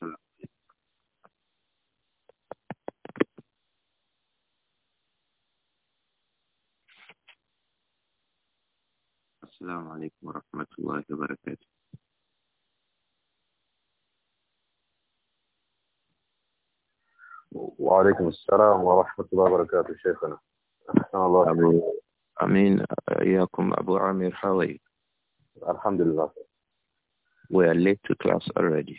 lesson. السلام عليكم ورحمة الله وبركاته وعليكم السلام ورحمة الله وبركاته شيخنا أحسن الله أمين أمين إياكم أبو عامر حوي الحمد لله We are late to class already.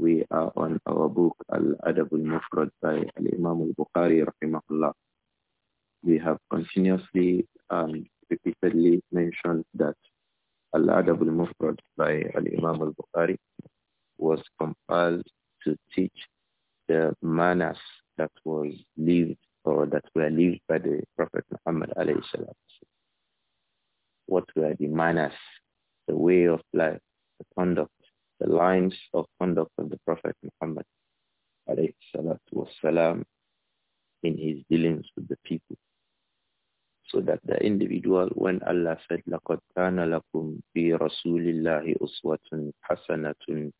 We are on our book al adabul mufrad by Al-Imam al-Bukhari rahimahullah. We have continuously and um, repeatedly mentioned that al adabul mufrad by Al-Imam al-Bukhari was compiled to teach the manners that was lived or that were lived by the Prophet Muhammad alayhi salam. What were the manners, the way of life, the conduct the lines of conduct of the Prophet Muhammad والسلام, in his dealings with the people. So that the individual, when Allah said, لَقَدْ كَانَ لَكُمْ فِي رَسُولِ اللَّهِ أُسْوَةٌ حَسَنَةٌ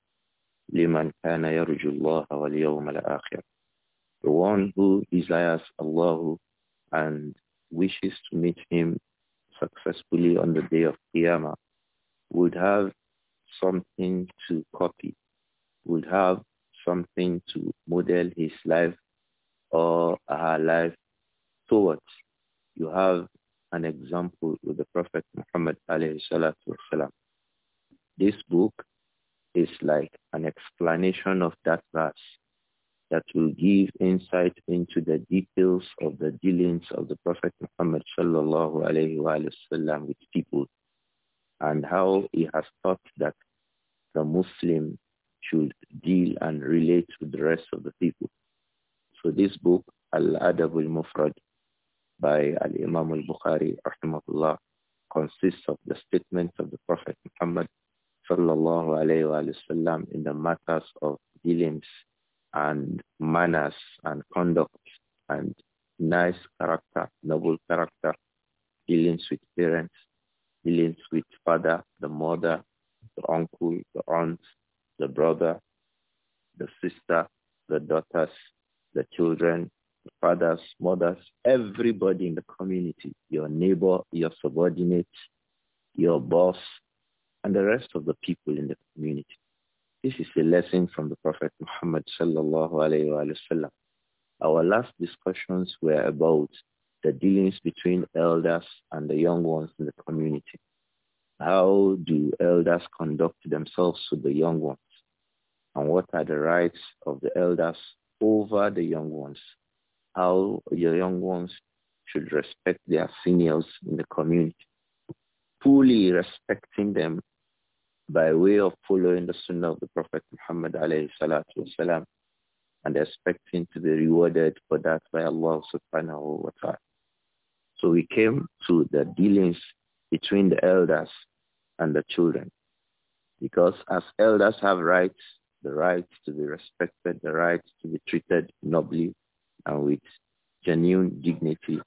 لِمَنْ كَانَ يَرْجُو اللَّهَ وَالْيَوْمَ الْآخِرِ The one who desires Allah and wishes to meet him successfully on the day of Qiyamah would have something to copy, would have something to model his life or her life towards. You have an example with the Prophet Muhammad alayhi wasalam. This book is like an explanation of that verse that will give insight into the details of the dealings of the Prophet Muhammad sallallahu alayhi wa with people and how he has taught that the Muslim should deal and relate with the rest of the people. So this book, Al-Adab al-Mufrad by Al-Imam al-Bukhari, rahimahullah, consists of the statements of the Prophet Muhammad sallallahu alayhi wa sallam in the matters of dealings and manners and conduct and nice character, noble character, dealings with parents, dealings with father, the mother, the uncle, the aunt, the brother, the sister, the daughters, the children, the fathers, mothers, everybody in the community, your neighbor, your subordinate, your boss, and the rest of the people in the community. This is a lesson from the Prophet Muhammad sallallahu alayhi wa Our last discussions were about the dealings between elders and the young ones in the community. How do elders conduct themselves with the young ones? And what are the rights of the elders over the young ones? How the young ones should respect their seniors in the community, fully respecting them by way of following the sunnah of the Prophet Muhammad alayhi salatu and expecting to be rewarded for that by Allah subhanahu wa ta'ala. So we came to the dealings between the elders and the children. Because as elders have rights, the right to be respected, the right to be treated nobly and with genuine dignity.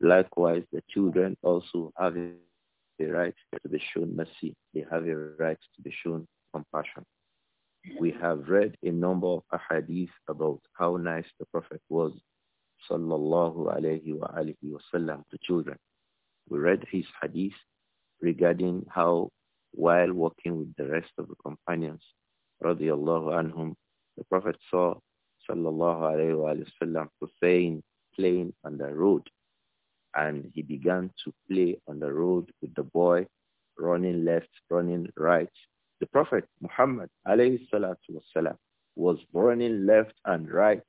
Likewise, the children also have the right to be shown mercy. They have a right to be shown compassion. We have read a number of ahadith about how nice the Prophet was, sallallahu alayhi wa wasallam, to children. We read his hadith regarding how while walking with the rest of the companions, radiallahu anhum, the Prophet saw sallallahu alayhi wa Hussein playing on the road and he began to play on the road with the boy running left, running right. The Prophet Muhammad alayhi salatu wasalam, was running left and right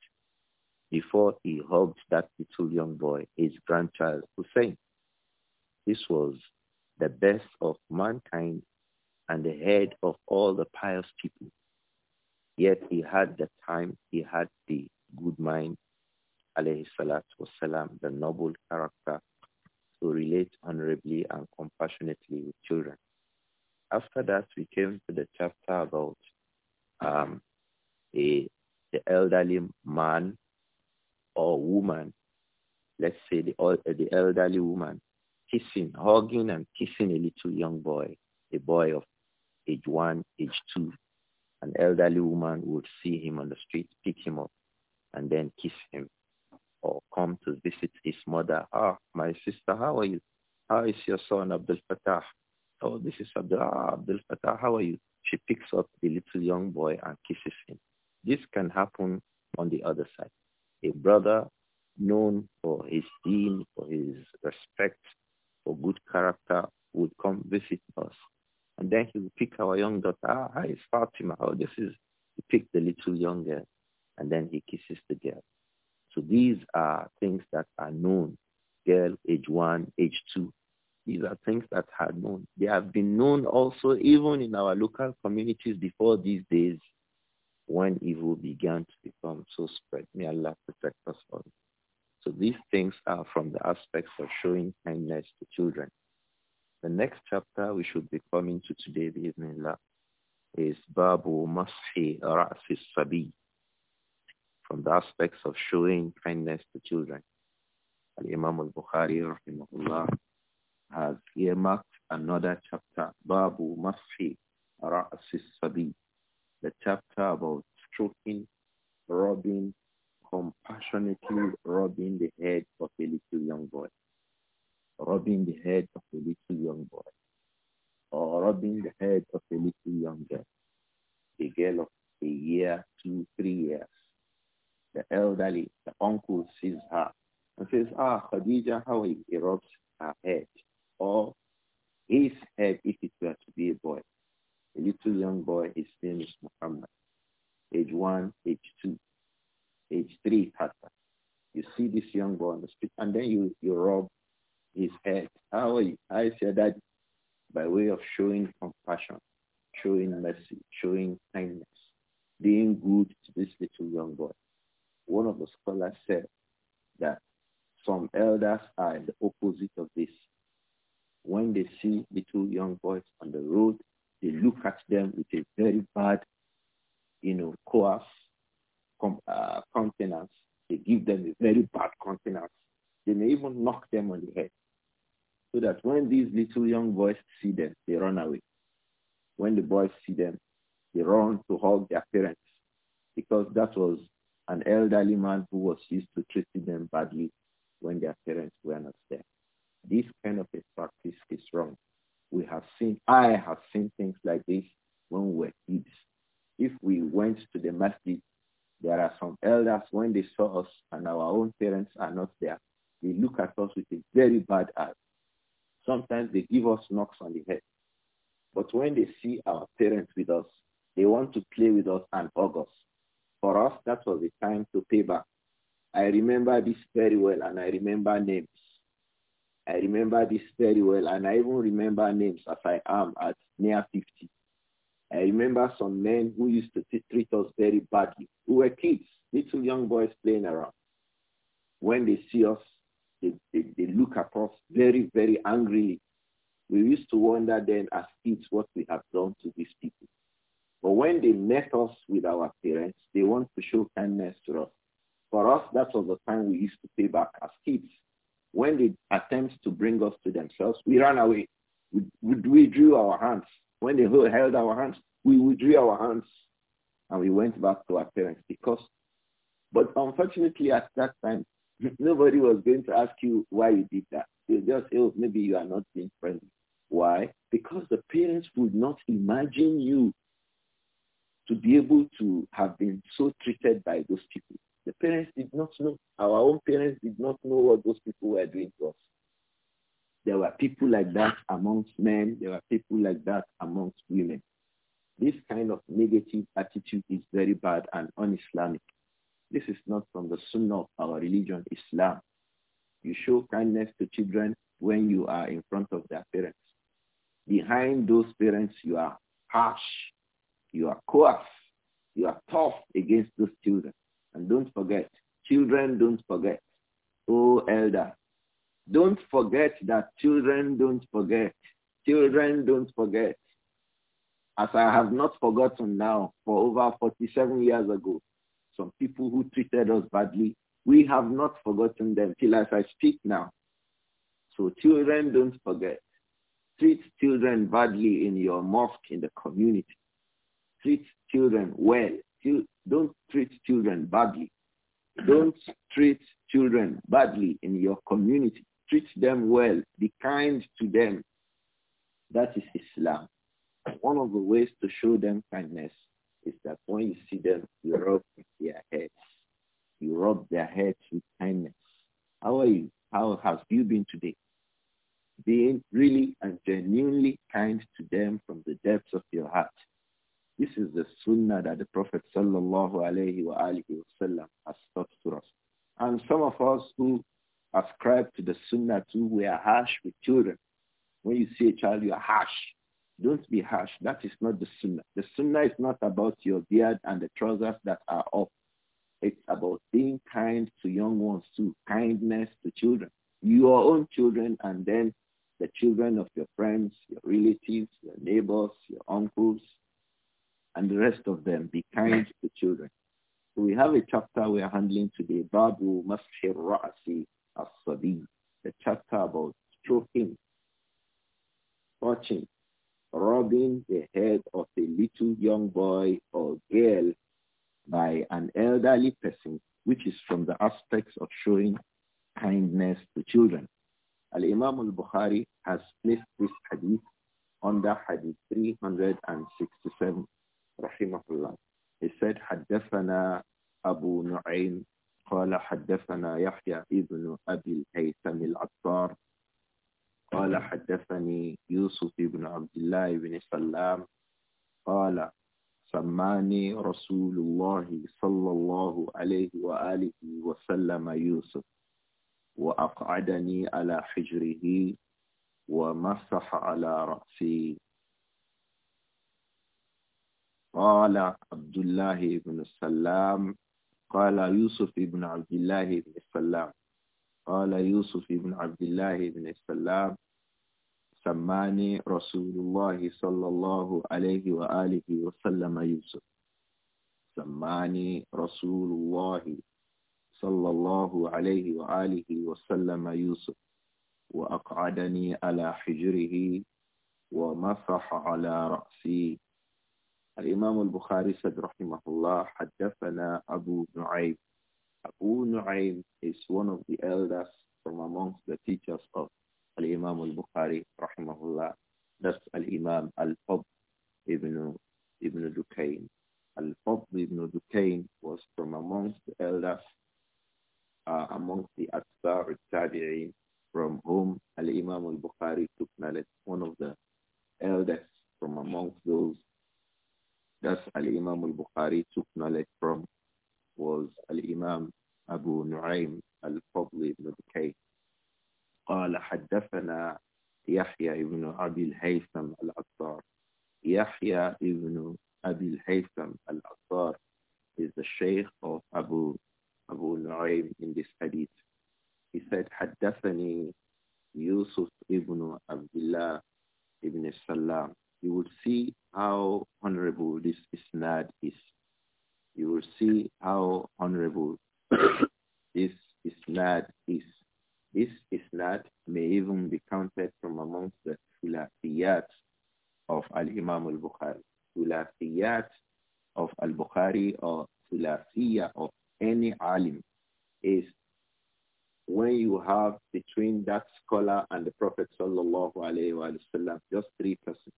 before he hugged that little young boy, his grandchild Hussein. This was the best of mankind and the head of all the pious people. Yet he had the time, he had the good mind, alayhi salatu wasalam, the noble character to relate honorably and compassionately with children. After that, we came to the chapter about um, a, the elderly man or woman, let's say the, the elderly woman kissing, hugging and kissing a little young boy, a boy of age one, age two. An elderly woman would see him on the street, pick him up, and then kiss him or oh, come to visit his mother. Ah, my sister, how are you? How is your son, Abdul Fatah? Oh, this is Abdul, ah, Abdul Fatah, how are you? She picks up the little young boy and kisses him. This can happen on the other side. A brother known for his deen, for his respect, for good character would come visit us. And then he would pick our young daughter. Ah, hi, it's Fatima. Oh, this is, he picked the little young girl. And then he kisses the girl. So these are things that are known. Girl, age one, age two. These are things that are known. They have been known also even in our local communities before these days when evil began to become so spread. May Allah protect us all. So these things are from the aspects of showing kindness to children. The next chapter we should be coming to today, bismillah, is Babu Mashi Ra'sis Sabi, from the aspects of showing kindness to children. Al-Imam al-Bukhari, rahimahullah, has earmarked another chapter, Babu Mashi Ra'sis Sabi, the chapter about stroking, rubbing, compassionately rubbing the head of a little young boy, rubbing the head of a little young boy, or rubbing the head of a little young girl, a girl of a year, two, three years. The elderly, the uncle sees her and says, ah, Khadija, how he rubs her head, or his head if it were to be a boy. A little young boy, his name is Muhammad, age one, age two, age three You see this young boy on the street, and then you, you rub his head. How are you? I said that by way of showing compassion, showing mercy, showing kindness, being good to this little young boy. One of the scholars said that some elders are the opposite of this. When they see little young boys on the road, they look at them with a very bad, you know, coarse uh, countenance. They give them a very bad countenance. They may even knock them on the head. So that when these little young boys see them, they run away. When the boys see them, they run to hug their parents because that was an elderly man who was used to treating them badly when their parents were not there. This kind of a practice is wrong. We have seen, I have seen things like this when we were kids. If we went to the masjid there are some elders, when they saw us and our own parents are not there, they look at us with a very bad eye. Sometimes they give us knocks on the head. But when they see our parents with us, they want to play with us and hug us. For us, that was the time to pay back. I remember this very well and I remember names. I remember this very well and I even remember names as I am at near 50. I remember some men who used to treat us very badly, We were kids, little young boys playing around. When they see us, they, they, they look at us very, very angrily. We used to wonder then as kids what we have done to these people. But when they met us with our parents, they want to show kindness to us. For us, that was the time we used to pay back as kids. When they attempt to bring us to themselves, we ran away. We, we, we drew our hands when they held our hands, we withdrew our hands and we went back to our parents because, but unfortunately at that time, nobody was going to ask you why you did that. They just say, oh, maybe you are not being friendly. Why? Because the parents would not imagine you to be able to have been so treated by those people. The parents did not know. Our own parents did not know what those people were doing to us. There were people like that amongst men. There were people like that amongst women. This kind of negative attitude is very bad and un-Islamic. This is not from the sunnah of our religion, Islam. You show kindness to children when you are in front of their parents. Behind those parents, you are harsh. You are coarse. You are tough against those children. And don't forget, children don't forget. Oh, elder, don't forget that children don't forget. Children don't forget. As I have not forgotten now, for over 47 years ago, some people who treated us badly, we have not forgotten them till as I speak now. So children don't forget. Treat children badly in your mosque, in the community. Treat children well. Don't treat children badly. Don't treat children badly in your community. Treat them well. Be kind to them. That is Islam. One of the ways to show them kindness is that when you see them, you rub their heads. You rub their heads with kindness. How are you? How has you been today? Being really and genuinely kind to them from the depths of your heart. This is the sunnah that the Prophet sallallahu alayhi wasallam has taught to us. And some of us who ascribe to the sunnah too. We are harsh with children. When you see a child, you are harsh. Don't be harsh. That is not the sunnah. The sunnah is not about your beard and the trousers that are off. It's about being kind to young ones too, kindness to children, your own children, and then the children of your friends, your relatives, your neighbors, your uncles, and the rest of them. Be kind to children. we have a chapter we are handling today, Babu Masjid Ra'asi, as-Sadi, the chapter about stroking, touching, rubbing the head of a little young boy or girl by an elderly person, which is from the aspects of showing kindness to children. Al-Imam al-Bukhari has placed this hadith under hadith 367, rahimahullah. He said, حدثنا أبو نعيم قال حدثنا يحيى ابن أبي الهيثم العطار قال حدثني يوسف بن عبد الله بن سلام قال سماني رسول الله صلى الله عليه وآله وسلم يوسف وأقعدني على حجره ومسح على رأسي قال عبد الله بن السلام قال يوسف بن عبد الله بن السلام قال يوسف بن عبد الله بن السلام سماني رسول الله صلى الله عليه وآله وسلم يوسف سماني رسول الله صلى الله عليه وآله وسلم يوسف وأقعدني على حجره ومسح على رأسي Imam الإمام البخاري said رحمه الله حدثنا أبو نعيم Abu Nu'aym is one of the elders from amongst the teachers of Al-Imam al-Bukhari, rahimahullah. That's Al-Imam al-Fadl ibn, ibn Dukayn. Al-Fadl ibn Dukayn was from amongst the elders, uh, amongst the Atbar al-Tabi'in, from whom Al-Imam al-Bukhari took knowledge, one of the elders from amongst those that Al-Imam al-Bukhari took knowledge from was Al-Imam Abu Nu'aym al-Fadl ibn Bukay. قال حدثنا يحيى بن أبي الهيثم العطار يحيى بن أبي الهيثم العطار is the Sheikh of Abu Abu Nu'aym in this hadith. He said, حدثني يوسف ابن عبد الله ابن السلام you will see how honorable this isnad is. You will see how honorable this isnad is. This isnad may even be counted from amongst the filafiyat of Al-Imam al-Bukhari. Filafiyat of al-Bukhari or filafiyah of any alim is when you have between that scholar and the Prophet sallallahu alaihi wasallam just three persons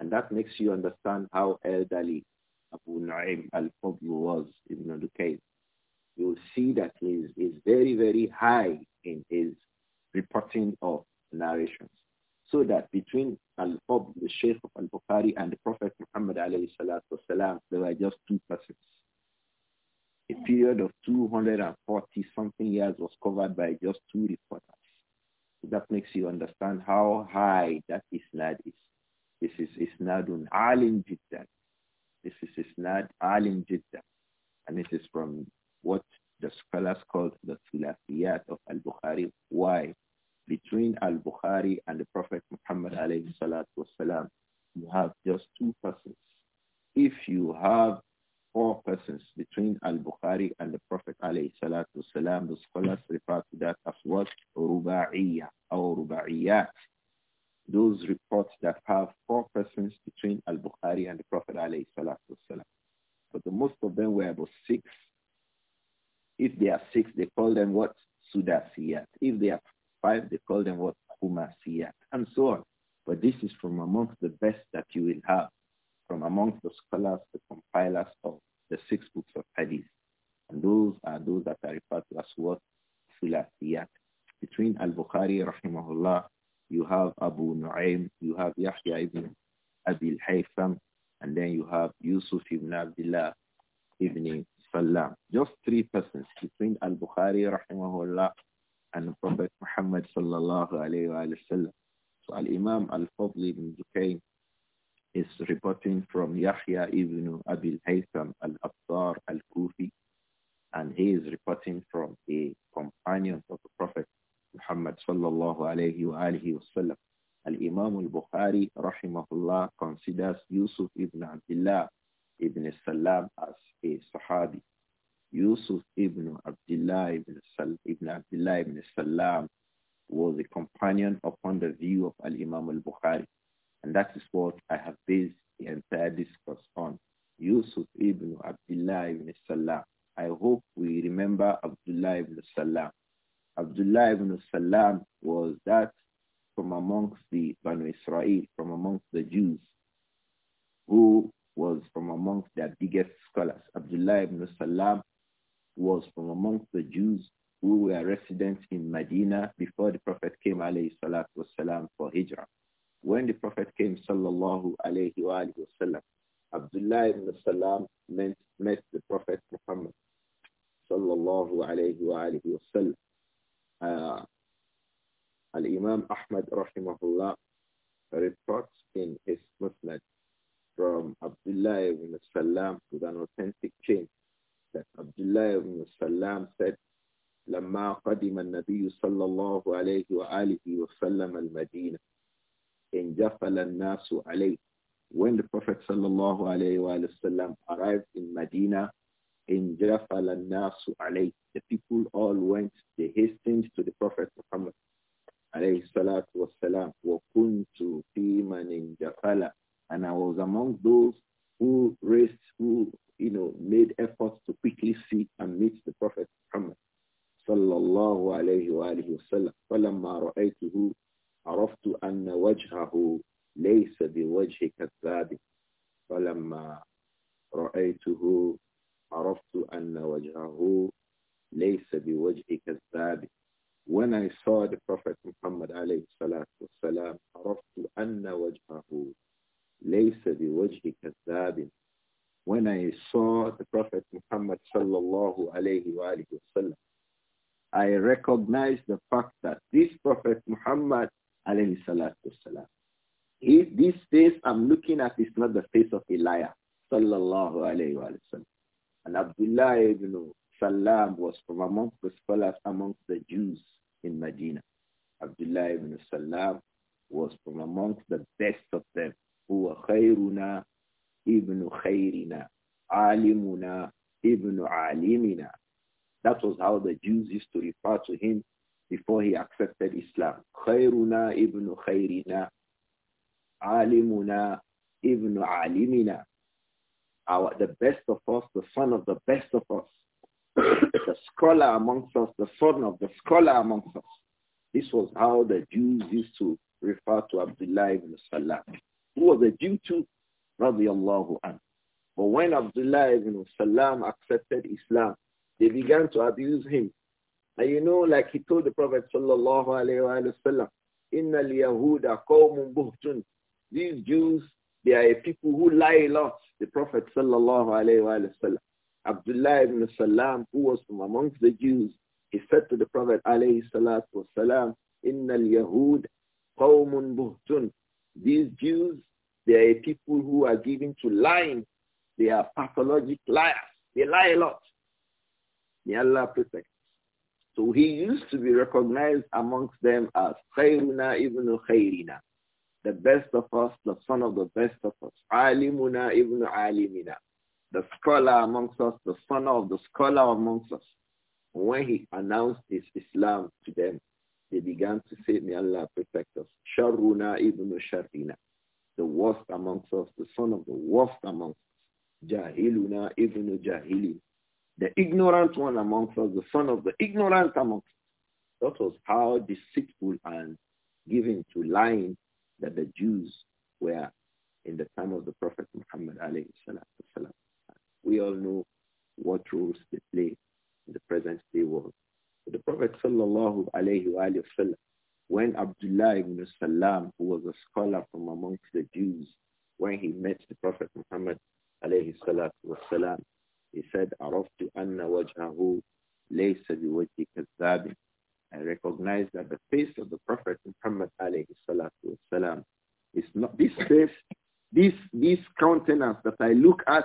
and that makes you understand how elderly Abu Na'im al-Fadl was in case. You'll see that he is, is very, very high in his reporting of narrations. So that between Al-Fadl, the Sheikh of Al-Bukhari, and the Prophet Muhammad alayhi there were just two persons. A period of 240 something years was covered by just two reporters. So that makes you understand how high that Isnad is. This is Isnadun Alim Jiddan. This is Isnad Alim Jiddan. And this is from what the scholars called the Thulathiyat of Al-Bukhari. Why? Between Al-Bukhari and the Prophet Muhammad alayhi salatu wasalam, you have just two persons. If you have four persons between Al-Bukhari and the Prophet alayhi salatu wasalam, the scholars refer to that as what? Ruba'iyah or Ruba'iyat those reports that have four persons between Al-Bukhari and the Prophet alayhi But the most of them were about six. If they are six, they call them what? Sudasiyat. If they are five, they call them what? Humasiyat. And so on. But this is from amongst the best that you will have from amongst the scholars, the compilers of the six books of hadith. And those are those that are referred to as what? Sulasiyat. Between Al-Bukhari, rahimahullah, you have Abu Nu'aym, you have Yahya ibn Abi al-Haytham, and then you have Yusuf ibn Abdullah ibn Salam. Just three persons between Al-Bukhari rahimahullah and Prophet Muhammad sallallahu alayhi wa sallam. So Al-Imam Al-Fadl ibn Dukayn is reporting from Yahya ibn Abi al-Haytham al-Abdar al-Kufi and he is reporting from a companion of the Prophet Muhammad sallallahu alayhi wa alihi wasallam. Al-Imam al-Bukhari rahimahullah considers Yusuf ibn Abdullah ibn Salam as a Sahabi. Yusuf ibn Abdullah ibn, Sal ibn Abdullah ibn Salam was a companion upon the view of Al-Imam al-Bukhari. And that is what I have based the entire discourse on. Yusuf ibn Abdullah ibn Salam. I hope we remember Abdullah ibn Salam. Abdullah ibn Salam was that from amongst the Banu Israel, from amongst the Jews, who was from amongst their biggest scholars. Abdullah ibn Salam was from amongst the Jews who were residents in Medina before the Prophet came alayhi salatu wasalam for Hijrah. When the Prophet came sallallahu alayhi wa wasallam, Abdullah ibn Salam met, met the Prophet Muhammad sallallahu alayhi wa wasallam Imam Ahmad rahimahullah reports in his Musnad from Abdullah ibn Salam with an authentic chain that Abdullah ibn Salam said, لما قدم النبي صلى الله عليه وآله وسلم المدينة انجفل الناس عليه When the Prophet صلى الله عليه وآله وسلم arrived in Medina, انجفل الناس عليه The people all went, they hastened to the Prophet Muhammad alayhi salatu was salam, وَكُنْتُ فِي مَنِ جَفَلَ And I was among those who raised, who, you know, made efforts to quickly see and meet the Prophet Muhammad sallallahu alayhi wa alihi wa sallam. فَلَمَّا anna عَرَفْتُ أَنَّ وَجْهَهُ لَيْسَ بِوَجْهِ كَذَّابٍ فَلَمَّا رَأَيْتُهُ عَرَفْتُ أَنَّ laysa لَيْسَ بِوَجْهِ كَذَّابٍ when I saw the Prophet Muhammad alayhi salatu عرفت أن وجهه ليس بوجه كذاب. When I saw the Prophet Muhammad sallallahu alayhi wa I recognized the fact that this Prophet Muhammad alayhi salatu this face I'm looking at is not the face of Elijah liar sallallahu alayhi wa sallam. And Abdullah ibn Salam was from amongst the scholars amongst the Jews in Medina. Abdullah ibn Salam was from amongst the best of them. Who were Khairuna ibn Khairina, Alimuna ibn Alimina. That was how the Jews used to refer to him before he accepted Islam. Khairuna ibn Khairina, Alimuna ibn Alimina. Our, the best of us, the son of the best of us. the scholar amongst us, the son of the scholar amongst us. This was how the Jews used to refer to Abdullah ibn Salam, who was a Jew too, radiallahu anhu. But when Abdullah ibn Salam accepted Islam, they began to abuse him. And you know, like he told the Prophet sallallahu alayhi wa sallam, Inna liyahuda buhtun. These Jews, they are people who lie a lot, the Prophet sallallahu alayhi wa sallam. Abdullah ibn Salam, who was from amongst the Jews, he said to the Prophet alayhi salatu wasalam, Inna al-Yahud qawmun buhtun. These Jews, they are people who are given to lying. They are pathologic liars. They lie a lot. May Allah protect. So he used to be recognized amongst them as Khayruna ibn Khayrina, the best of us, the son of the best of us, Alimuna ibn Alimina, the scholar amongst us, the son of the scholar amongst us. When he announced his Islam to them, they began to say, may Allah protect us. Sharuna ibn Sharina, the worst amongst us, the son of the worst amongst us. Jahiluna ibn Jahili, the ignorant one amongst us, the son of the ignorant amongst us. That was how deceitful and given to lying that the Jews were in the time of the Prophet Muhammad alayhi salatu wasalam. We all know what roles they play in the present-day world. The Prophet sallallahu alayhi wa sallam, when Abdullah ibn Salam, who was a scholar from amongst the Jews, when he met the Prophet Muhammad alayhi salatu he said, Araftu anna wajhahu I recognize that the face of the Prophet Muhammad alayhi salatu is not this face, this, this countenance that I look at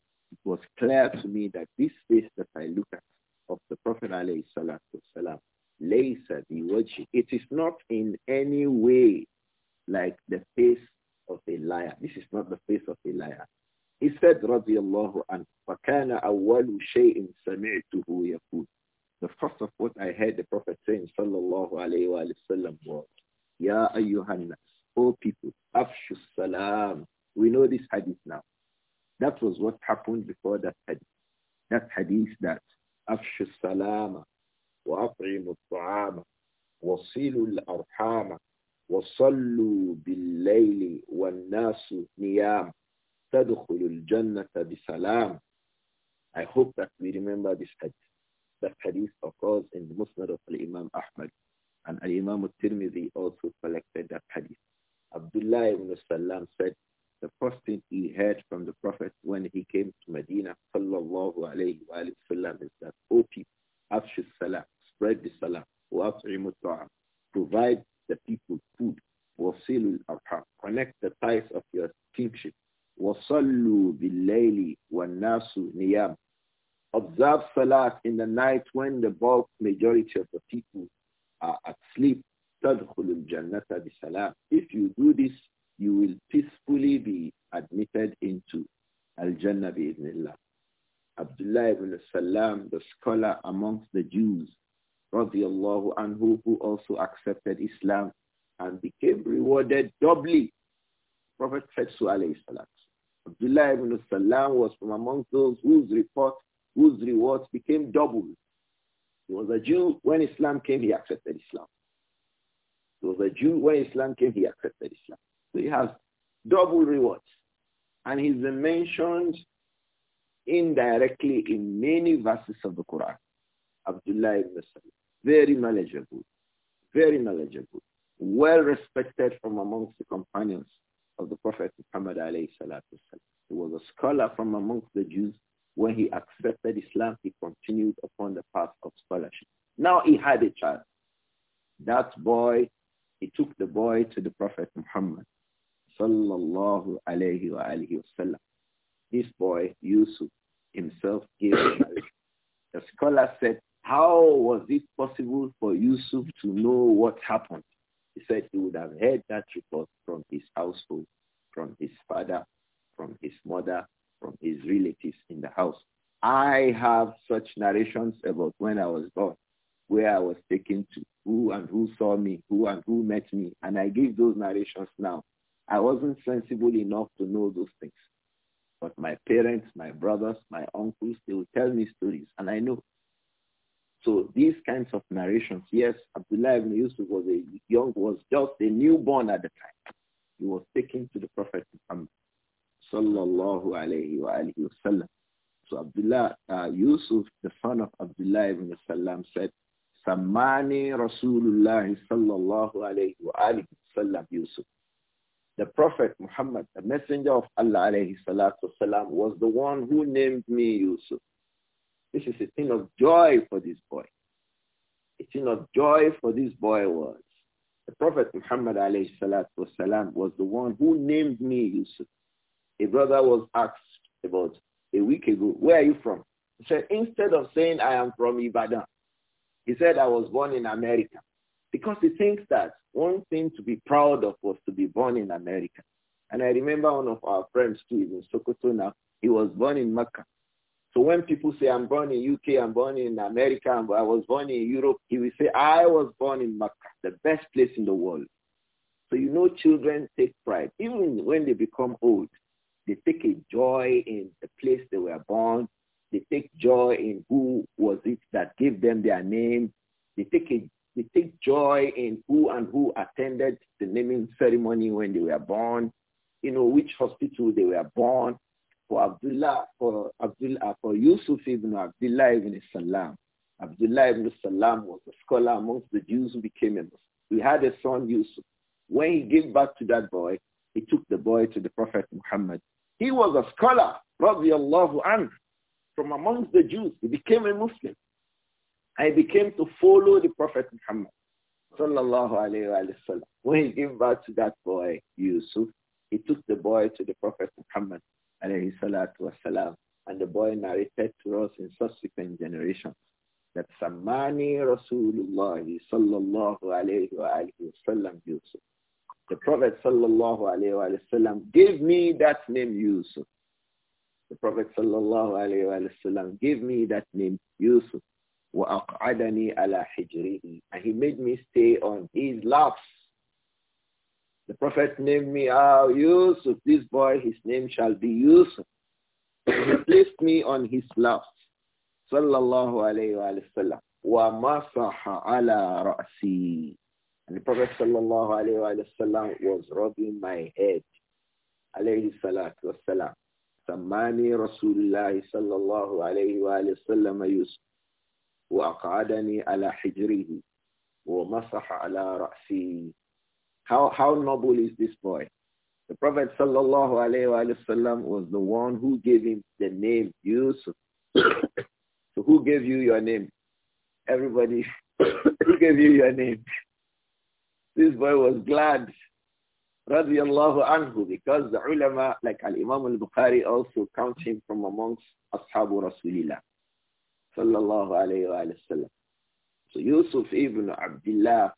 it was clear to me that this face that I look at of the Prophet alayhi salatu wasalam, laysa biwajhi, it is not in any way like the face of a liar. This is not the face of a liar. He said, radiyallahu anhu, فَكَانَ أَوَّلُ شَيْءٍ سَمِعْتُهُ يَقُولُ The first of what I heard the Prophet saying, sallallahu alayhi wa sallam, was, Ya ayyuhannas, O people, afshu salam. We know this hadith now. That was what happened before that hadith. That hadith that أفشوا السلام وأطعموا الطعام وصلوا الأرحام وصلوا بالليل والناس نيام تدخل الجنة بسلام I hope that we remember this hadith. That hadith occurs in the Musnad of Al-Imam Ahmad. And Al-Imam Al-Tirmidhi also collected that hadith. Abdullah ibn Salam said, the first thing he heard from the Prophet when he came to Medina, sallallahu alayhi wa sallam, is that, O people, afshu salah, spread the salah, wa provide the people food, wasilul arham, connect the ties of your kinship, wasallu bil-layli wa-nasu niyam, observe Salah in the night when the bulk majority of the people are asleep. تدخل الجنة بسلام. If you do this, you will peacefully be admitted into Al-Jannah bi'idhnillah. Abdullah ibn Salam, the scholar amongst the Jews, radiallahu anhu, who also accepted Islam and became rewarded doubly. Prophet said to alayhi Abdullah ibn Salam was from amongst those whose report, whose rewards became doubled. He was a Jew. When Islam came, he accepted Islam. He was a Jew. When Islam came, he accepted Islam. So he has double rewards. And he's been mentioned indirectly in many verses of the Quran. Abdullah ibn Salam. Very knowledgeable. Very knowledgeable. Well respected from amongst the companions of the Prophet Muhammad alayhi He was a scholar from amongst the Jews. When he accepted Islam, he continued upon the path of scholarship. Now he had a child. That boy, he took the boy to the Prophet Muhammad sallallahu alayhi wa alihi wasallam. This boy, Yusuf, himself gave The scholar said, how was it possible for Yusuf to know what happened? He said he would have heard that report from his household, from his father, from his mother, from his relatives in the house. I have such narrations about when I was born, where I was taken to, who and who saw me, who and who met me, and I give those narrations now I wasn't sensible enough to know those things. But my parents, my brothers, my uncles, they will tell me stories, and I know. So these kinds of narrations, yes, Abdullah ibn Yusuf was a young, was just a newborn at the time. He was taken to the Prophet Muhammad, sallallahu alayhi wa alayhi wa sallam. So Abdullah, uh, Yusuf, the son of Abdullah ibn Salam, said, "Samani Rasulullah sallallahu alayhi wa alayhi wa sallam Yusuf." The Prophet Muhammad, the messenger of Allah alayhi salatu was the one who named me Yusuf. This is a thing of joy for this boy. A thing of joy for this boy was the Prophet Muhammad alayhi salatu wasalam, was the one who named me Yusuf. A brother was asked about a week ago, where are you from? He said, instead of saying I am from Ibadan, he said I was born in America because he thinks that one thing to be proud of was to be born in America. And I remember one of our friends too, in Sokoto now. He was born in Mecca. So when people say, I'm born in UK, I'm born in America, i was born in Europe, he will say, I was born in Mecca, the best place in the world. So you know children take pride. Even when they become old, they take a joy in the place they were born. They take joy in who was it that gave them their name. They take a they take joy in who and who attended the naming ceremony when they were born, you know, which hospital they were born. For Abdullah, for Abdullah, uh, for Yusuf ibn Abdullah ibn Salam. Abdullah ibn Salam was a scholar amongst the Jews who became a Muslim. He had a son, Yusuf. When he gave birth to that boy, he took the boy to the Prophet Muhammad. He was a scholar, Allah from amongst the Jews. He became a Muslim. I became to follow the Prophet Muhammad sallallahu alayhi wa When he gave birth to that boy, Yusuf, he took the boy to the Prophet Muhammad alayhi salatu wasalam. And the boy narrated to us in subsequent generations that Samani Rasulullah sallallahu alayhi wa wasallam Yusuf. The Prophet sallallahu alayhi wa sallam gave me that name Yusuf. The Prophet sallallahu alayhi wa sallam gave me that name Yusuf. وَأَقْعَدَنِي عَلَى حِجْرِهِ And he made me stay on his laps. The Prophet named me, Ah, oh, Yusuf, this boy, his name shall be Yusuf. he placed me on his laps. Sallallahu alayhi wa sallam. وَمَسَحَ عَلَى رَأْسِي And the Prophet sallallahu alayhi wasallam was rubbing my head. Alayhi salatu wa sallam. سماني رسول الله صلى الله عليه وسلم يوسف وأقعدني على حجره ومسح على رأسي How, how noble is this boy? The Prophet sallallahu alayhi wasallam was the one who gave him the name Yusuf. so who gave you your name? Everybody, who gave you your name? This boy was glad radiallahu anhu because the ulama like al-Imam al-Bukhari also count him from amongst Ashabu Rasulillah sallallahu alayhi wa sallam. So Yusuf ibn Abdullah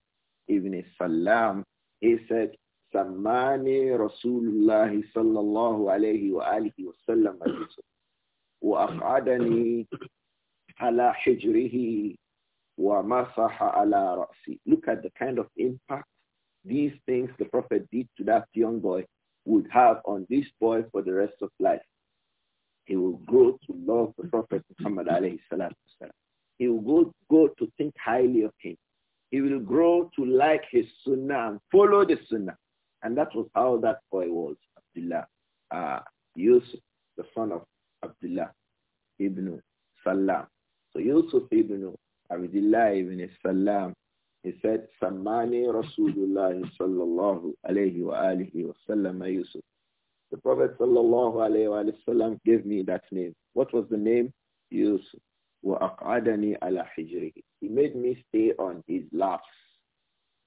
ibn Salam, he said, سماني رسول الله صلى الله عليه وآله وسلم وأقعدني على حجره ومسح على رأسي. Look at the kind of impact these things the Prophet did to that young boy would have on this boy for the rest of life he will grow to love the Prophet Muhammad alayhi salatu He will go, go to think highly of him. He will grow to like his sunnah and follow the sunnah. And that was how that boy was, Abdullah. Uh, Yusuf, the son of Abdullah ibn Salam. So Yusuf ibn Abdullah ibn Salam, he said, Samani Rasulullah sallallahu alayhi wa alihi wa sallam Yusuf. The Prophet وسلم, gave me that name. What was the name? Yusuf. وَأَقْعَدَنِي عَلَى حِجْرِهِ He made me stay on his laps.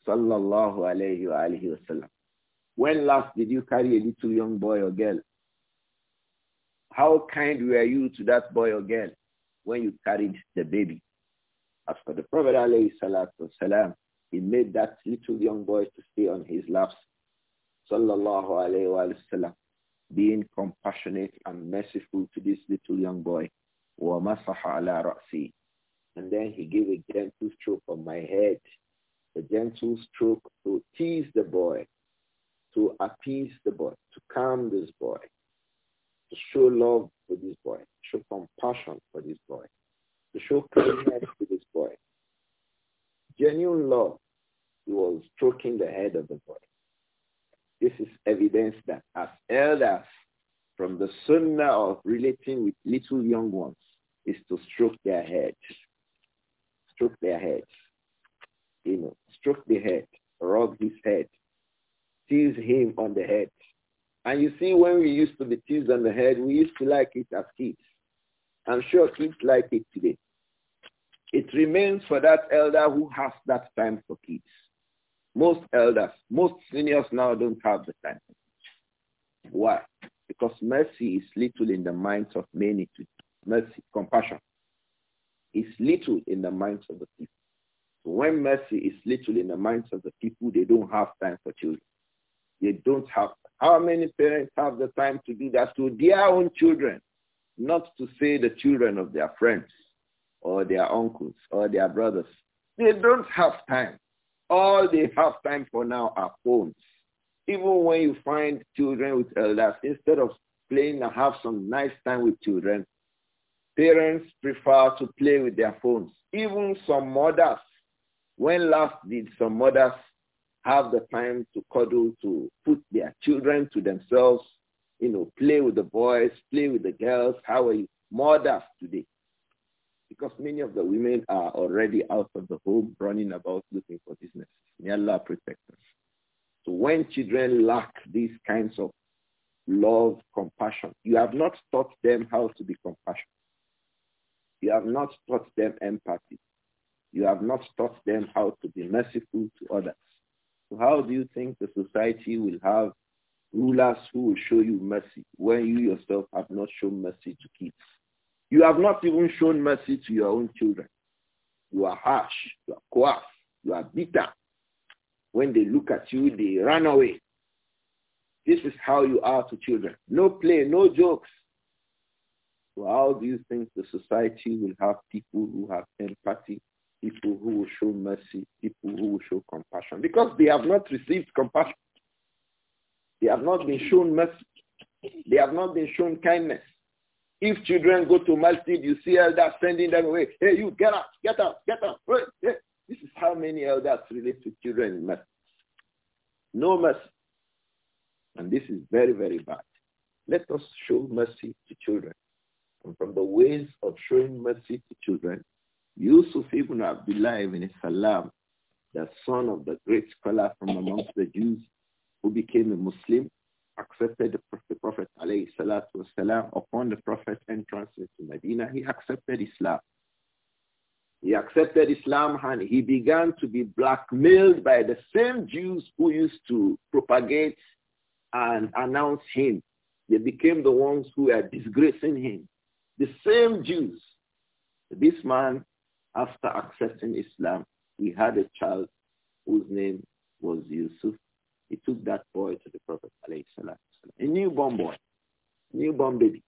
Sallallahu alayhi wa alayhi wa sallam. When last did you carry a little young boy or girl? How kind were you to that boy or girl when you carried the baby? As for the Prophet alayhi salatu he made that little young boy to stay on his laps. Sallallahu alayhi wa sallam being compassionate and merciful to this little young boy. And then he gave a gentle stroke on my head, a gentle stroke to tease the boy, to appease the boy, to calm this boy, to show love for this boy, show compassion for this boy, to show kindness to this boy. Genuine love, he was stroking the head of the boy. This is evidence that as elders, from the sunnah of relating with little young ones is to stroke their heads. Stroke their heads. You know, stroke the head, rub his head, tease him on the head. And you see, when we used to be teased on the head, we used to like it as kids. I'm sure kids like it today. It remains for that elder who has that time for kids most elders, most seniors now don't have the time. Why? Because mercy is little in the minds of many today. Mercy, compassion is little in the minds of the people. So when mercy is little in the minds of the people, they don't have time for children. They don't have how many parents have the time to do that to their own children, not to say the children of their friends or their uncles or their brothers. They don't have time. All they have time for now are phones. Even when you find children with elders, instead of playing and have some nice time with children, parents prefer to play with their phones. Even some mothers, when last did some mothers have the time to cuddle, to put their children to themselves, you know, play with the boys, play with the girls, how are you? Mothers today because many of the women are already out of the home running about looking for business. May Allah protect us. So when children lack these kinds of love, compassion, you have not taught them how to be compassionate. You have not taught them empathy. You have not taught them how to be merciful to others. So how do you think the society will have rulers who will show you mercy when you yourself have not shown mercy to kids? You have not even shown mercy to your own children. You are harsh. You are coarse. You are bitter. When they look at you, they run away. This is how you are to children. No play, no jokes. So how do you think the society will have people who have empathy, people who will show mercy, people who will show compassion? Because they have not received compassion. They have not been shown mercy. They have not been shown kindness. If children go to masjid, you see elders sending them away. Hey, you get out, get out, get out. This is how many elders relate to children in masjid. No mercy. And this is very, very bad. Let us show mercy to children. And from the ways of showing mercy to children, Yusuf ibn Abdullah ibn Salam, the son of the great scholar from amongst the Jews who became a Muslim, accepted the Prophet والسلام, upon the Prophet's entrance into Medina, he accepted Islam. He accepted Islam and he began to be blackmailed by the same Jews who used to propagate and announce him. They became the ones who were disgracing him. The same Jews. This man, after accepting Islam, he had a child whose name was Yusuf he took that boy to the Prophet a newborn boy, newborn baby.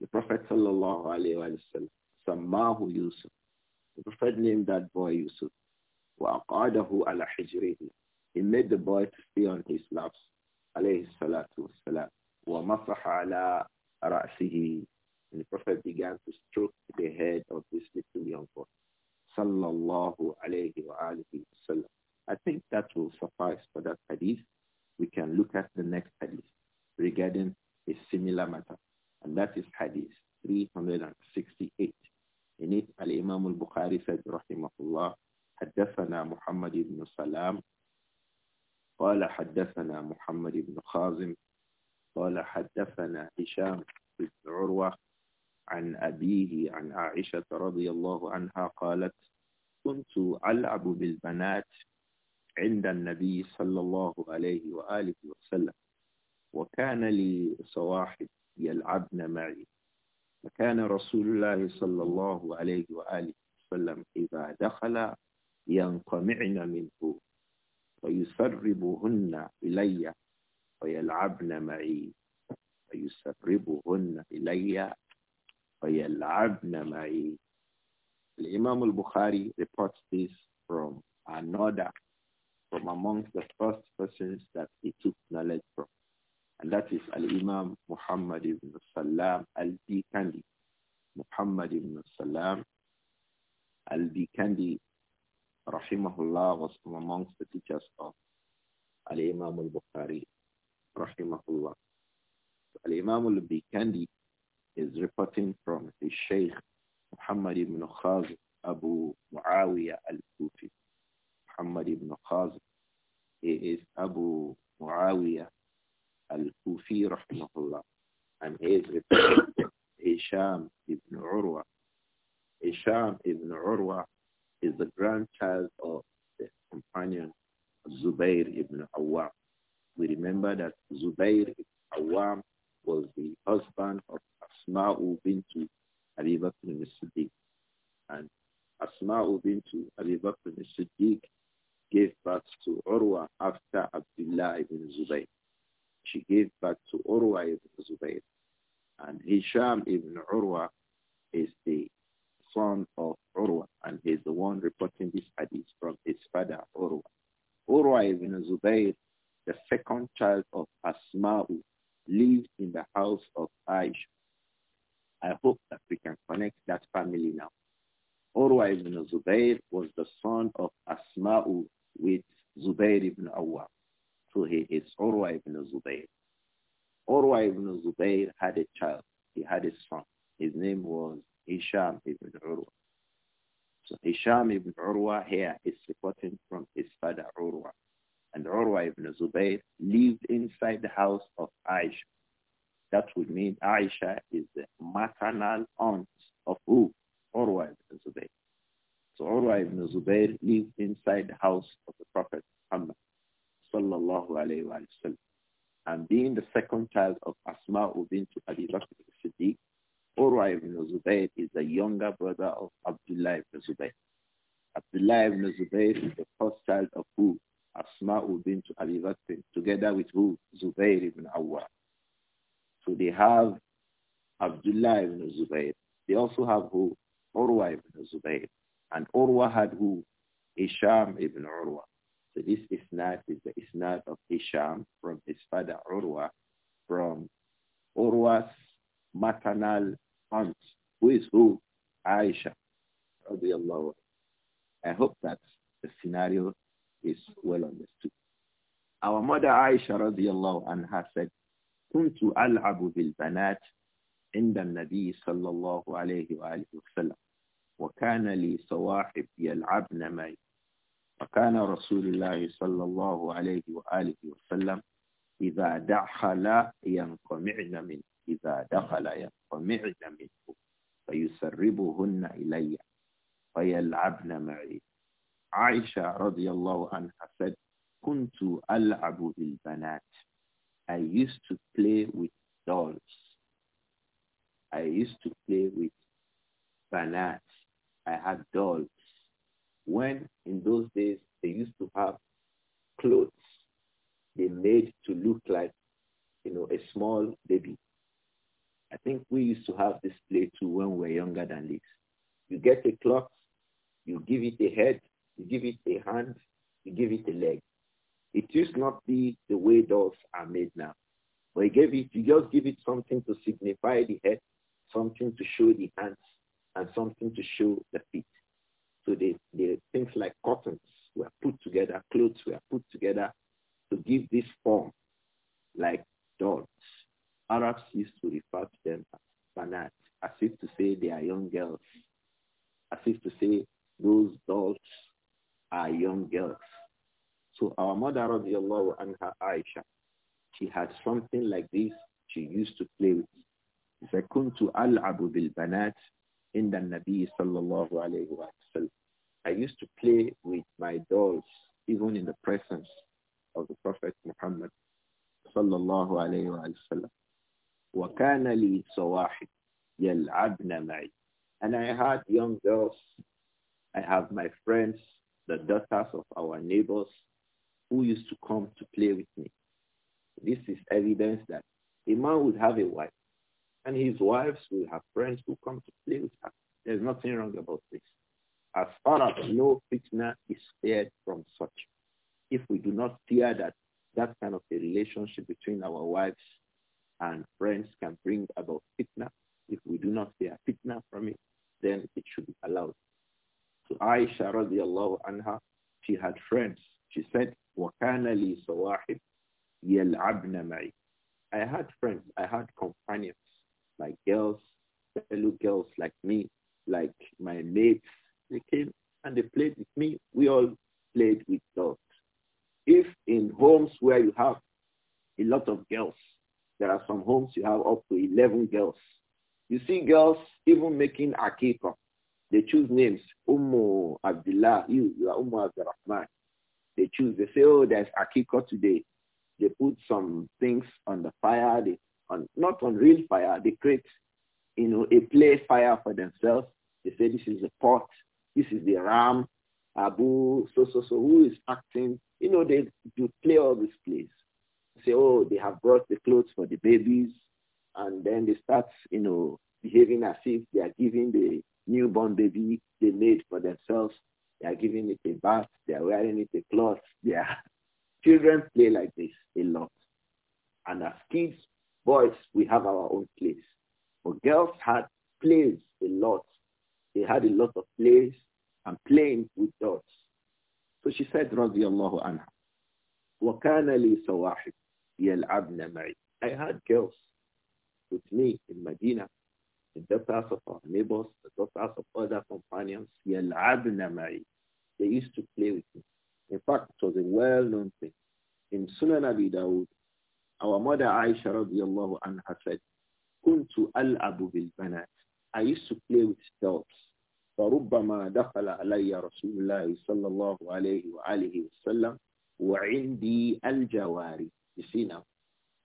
The Prophet sallallahu alayhi wa sallam, Sammahu Yusuf. The Prophet named that boy Yusuf. وَأَقَعَدَهُ عَلَى حِجْرِهِ He made the boy to stay on his laps. عليه الصلاة والسلام. وَمَصَحَ عَلَى رَأْسِهِ And the Prophet began to stroke the head of this little young boy. Sallallahu alayhi wa sallam. I think that will suffice for that hadith. We can look at the next hadith regarding a similar matter. And that is hadith 368. In it, Al-Imam al-Bukhari said, rahimahullah, حدثنا محمد بن سلام قال حدثنا محمد بن خازم قال حدثنا هشام بن عروة عن أبيه عن عائشة رضي الله عنها قالت كنت ألعب بالبنات عند النبي صلى الله عليه وآله وسلم وكان لي صواحب يلعبن معي فكان رسول الله صلى الله عليه وآله وسلم إذا دخل ينقمعن منه ويسربهن إلي ويلعبن معي ويسربهن إلي ويلعبن معي الإمام البخاري reports this from another from amongst the first persons that he took knowledge from. And that is Al-Imam Muhammad ibn Salam al-Bikandi. Muhammad ibn Salam al-Bikandi, rahimahullah, was from amongst the teachers of Al-Imam al-Bukhari, rahimahullah. So Al-Imam al-Bikandi is reporting from his sheikh Muhammad ibn Khaz Abu Muawiyah al Qazi. He is Abu Muawiyah al-Kufi rahimahullah. And he is reported Hisham ibn Urwa. Hisham ibn Urwa is the grandchild of the companion Zubair ibn Awwam. We remember that Zubair Hisham ibn Urwa here. well understood. Our mother Aisha radiallahu anha said, كنت ألعب بالبنات عند النبي صلى الله عليه وآله وسلم وكان لي صواحب يلعبن معي وكان رسول الله صلى الله عليه وآله وسلم إذا دخل ينقمعن منه إذا دخل ينقمعن منه فيسربهن إلي فيلعبن معي Aisha radiallahu anha said, Kuntu bil banat. I used to play with dolls. I used to play with banat. I had dolls. When in those days they used to have clothes they made to look like, you know, a small baby. I think we used to have this play too when we were younger than this. You get a cloth, you give it a head, you give it a hand, you give it a leg. It used not be the way dolls are made now. But you gave it, you just give it something to signify the head, something to show the hands, and something to show the feet. So the, the things like cottons were put together, clothes were put together to give this form, like dolls. Arabs used to refer to them as banat, as if to say they are young girls, as if to say those dolls are young girls. So our mother, and her Aisha, she had something like this she used to play with. فَكُنْتُ أَلْعَبُ بِالْبَنَاتِ عِنْدَ النَّبِيِّ صَلَّى اللَّهُ عَلَيْهِ وَسَلَّمَ I used to play with my dolls even in the presence of the Prophet Muhammad sallallahu alayhi wa وَكَانَ لِي صَوَاحِبْ يَلْعَبْنَ مَعِي And I had young girls. I have my friends the daughters of our neighbors who used to come to play with me. This is evidence that a man would have a wife and his wives will have friends who come to play with her. There's nothing wrong about this. As far as no fitna is spared from such, if we do not fear that that kind of a relationship between our wives and friends can bring about fitness, if we do not fear fitness from it, then it should be allowed to Aisha radiallahu anha, she had friends. She said, وَكَانَ لِي صَوَاحِبْ يَلْعَبْنَ مَعِي I had friends, I had companions, like girls, fellow girls like me, like my mates. They came and they played with me. We all played with girls. If in homes where you have a lot of girls, there are some homes you have up to 11 girls. You see girls even making akika. They choose names. Ummu Abdullah, you, you are Ummu Abdurrahman. They choose. They say, oh, there's Akiko today. They put some things on the fire. They, on, not on real fire. They create, you know, a play fire for themselves. They say, this is the pot. This is the ram. Abu, so, so, so, who is acting? You know, they do play all these plays. Say, oh, they have brought the clothes for the babies. And then they start, you know, behaving as if they are giving the newborn baby they made for themselves. They are giving it a bath. They are wearing it a cloth. Yeah. Children play like this a lot. And as kids, boys, we have our own place. But girls had plays a lot. They had a lot of plays and playing with dots. So she said, رضي الله عنها, وكان لي صواحب يلعبن معي. I had girls with me in Medina the daughters of our neighbors, the daughters of other companions, they used to play with me. In fact, it was a well-known thing. In Sunan Abi Dawud, our mother Aisha radiallahu anha said, Kuntu al-abu bil banat. I used to play with girls." فربما دخل علي رسول الله صلى الله عليه وآله وسلم وعندي الجواري. You see now,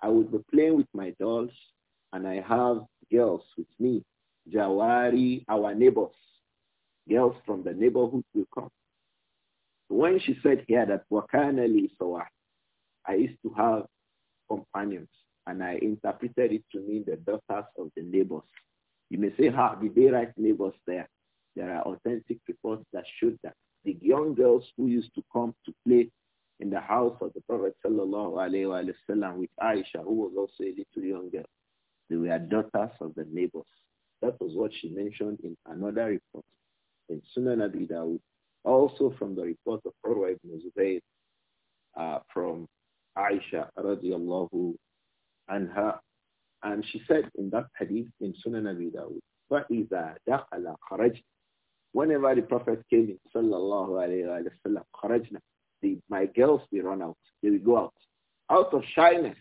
I would be playing with my dolls and I have girls with me. Jawari, our neighbors. Girls from the neighborhood will come. When she said here that a li sawa, I used to have companions and I interpreted it to mean the daughters of the neighbors. You may say, how did they write neighbors there? There are authentic reports that show that the young girls who used to come to play in the house of the Prophet sallallahu alaihi wasallam with Aisha, who was also a little young girl, they were daughters of the neighbors. That was what she mentioned in another report in Sunan Abi Dawud, also from the report of Urwa ibn Zubayr uh, from Aisha radiallahu anha. And she said in that hadith in Sunan Abi Dawud, فَإِذَا دَخَلَ خَرَجْنَا Whenever the Prophet came in, sallallahu alayhi wa sallam, خَرَجْنَا My girls will run out. They will go out. Out of shyness.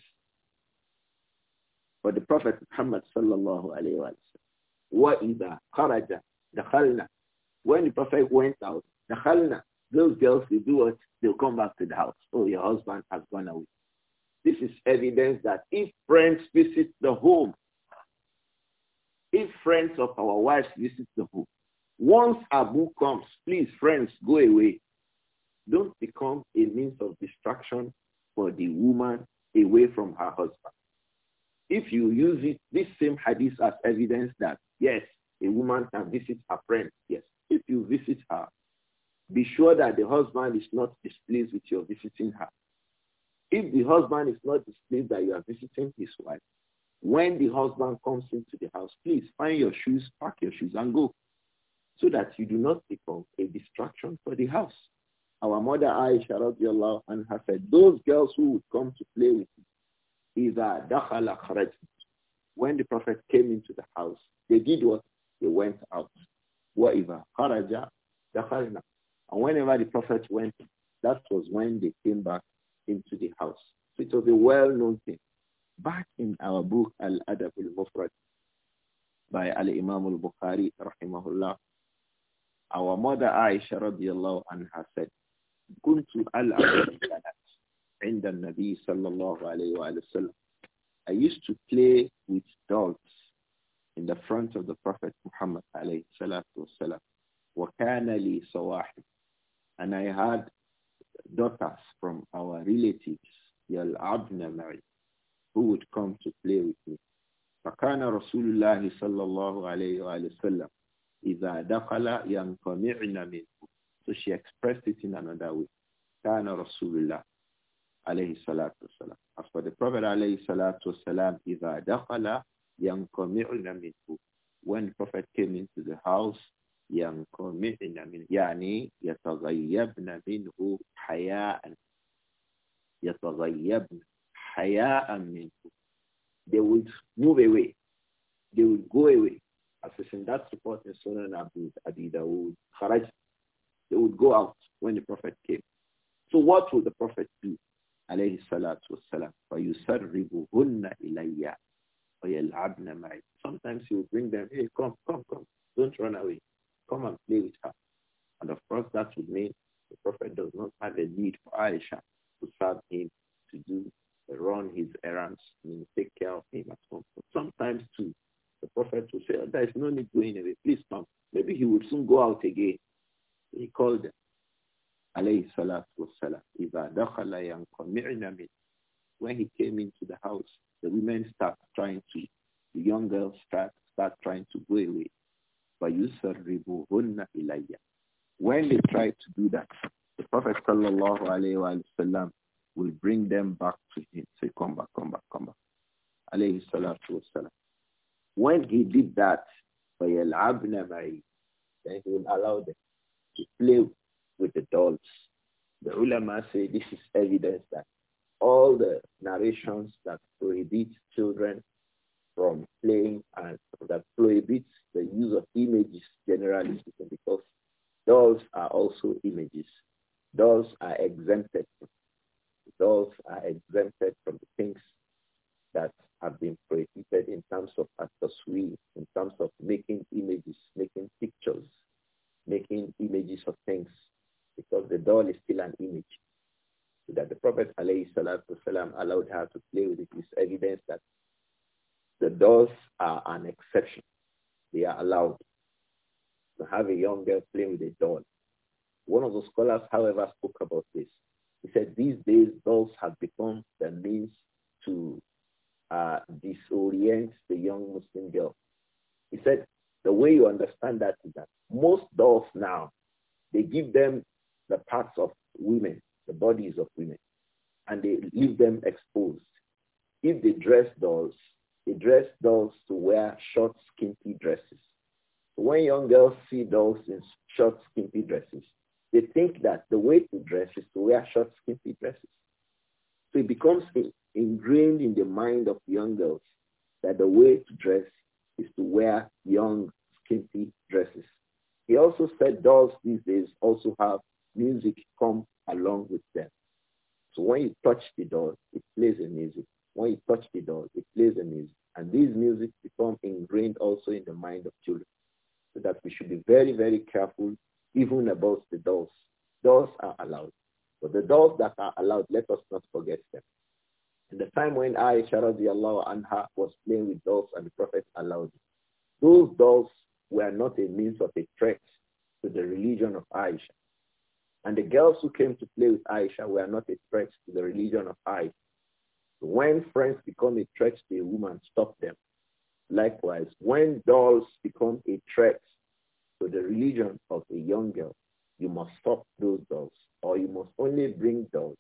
For the Prophet Muhammad sallallahu alayhi wa sallam, When the Prophet went out, dakhalna, those girls will do what? They'll come back to the house. Oh, your husband has gone away. This is evidence that if friends visit the home, if friends of our wives visit the home, once Abu comes, please, friends, go away. Don't become a means of distraction for the woman away from her husband. If you use it, this same hadith as evidence that, yes, a woman can visit her friend. Yes. If you visit her, be sure that the husband is not displeased with your visiting her. If the husband is not displeased that you are visiting his wife, when the husband comes into the house, please find your shoes, pack your shoes and go so that you do not become a distraction for the house. Our mother Aisha and anha said, those girls who would come to play with when the Prophet came into the house, they did what? They went out. And whenever the Prophet went, that was when they came back into the house. So it was a well-known thing. Back in our book, Al-Adab al-Mufrad, by Al-Imam al-Bukhari, rahimahullah, our mother Aisha, radiallahu anha, said, كنت al." عند النبي صلى الله عليه وسلم. I used to play with dogs in the front of the Prophet Muhammad عليه الصلاة والسلام. وكان لي صواحب. And I had daughters from our relatives, يلعبن معي, who would come to play with me. فكان رسول الله صلى الله عليه وآله وسلم إذا دخل ينقمعن منه. So she expressed it in another way. كان رسول الله alayhi salatu As for the Prophet alayhi salatu wasalam, إِذَا دَخَلَ مِنْهُ When the Prophet came into the house, مِنْهُ يعني يَتَغَيَّبْنَ مِنْهُ حَيَاءً يَتَغَيَّبْنَ حَيَاءً مِنْهُ They would move away. They would go away. As is in that support in Sunan Abu Abi Dawud, Kharaj, they would go out when the Prophet came. So what would the Prophet do? عليه الصلاة والسلام فيسربهن إلي ويلعبن معي Sometimes he would bring them, hey, come, come, come, don't run away. Come and play with her. And of course, that would mean the Prophet does not have a need for Aisha to serve him, to do, run his errands, and take care of him at home. But sometimes, too, the Prophet will say, oh, there is no need going away, please come. Maybe he would soon go out again. He called them alayhi salatu When he came into the house, the women start trying to, the young girls start, start trying to go away. When they try to do that, the Prophet sallallahu alayhi wasallam will bring them back to him. Say, come back, come back, come back. Alayhi salatu When he did that, Then he will allow them to play with the dolls. The ulama say this is evidence that all the narrations that prohibit children from playing and that prohibits the use of images generally speaking because dolls are also images. Dolls are exempted. Dolls are exempted from the things that have been prohibited in terms of atmosphere, in terms of making images, making pictures, making images of things, because the doll is still an image. So that the Prophet والسلام, allowed her to play with it is evidence that the dolls are an exception. They are allowed to have a young girl playing with a doll. One of the scholars, however, spoke about this. He said these days dolls have become the means to uh, disorient the young Muslim girl. He said the way you understand that is that most dolls now, they give them the parts of women, the bodies of women, and they leave them exposed. If they dress dolls, they dress dolls to wear short, skimpy dresses. When young girls see dolls in short, skimpy dresses, they think that the way to dress is to wear short, skimpy dresses. So it becomes ingrained in the mind of young girls that the way to dress is to wear young, skimpy dresses. He also said dolls these days also have music comes along with them. So when you touch the doll, it plays a music. When you touch the doll, it plays a music. And these music become ingrained also in the mind of children. So that we should be very, very careful even about the dolls. Dolls are allowed. But the dolls that are allowed, let us not forget them. In the time when Aisha radiallahu anha was playing with dolls and the Prophet allowed it, those dolls were not a means of a threat to the religion of Aisha. And the girls who came to play with Aisha were not a threat to the religion of Aisha. When friends become a threat to a woman, stop them. Likewise, when dolls become a threat to the religion of a young girl, you must stop those dolls, or you must only bring dolls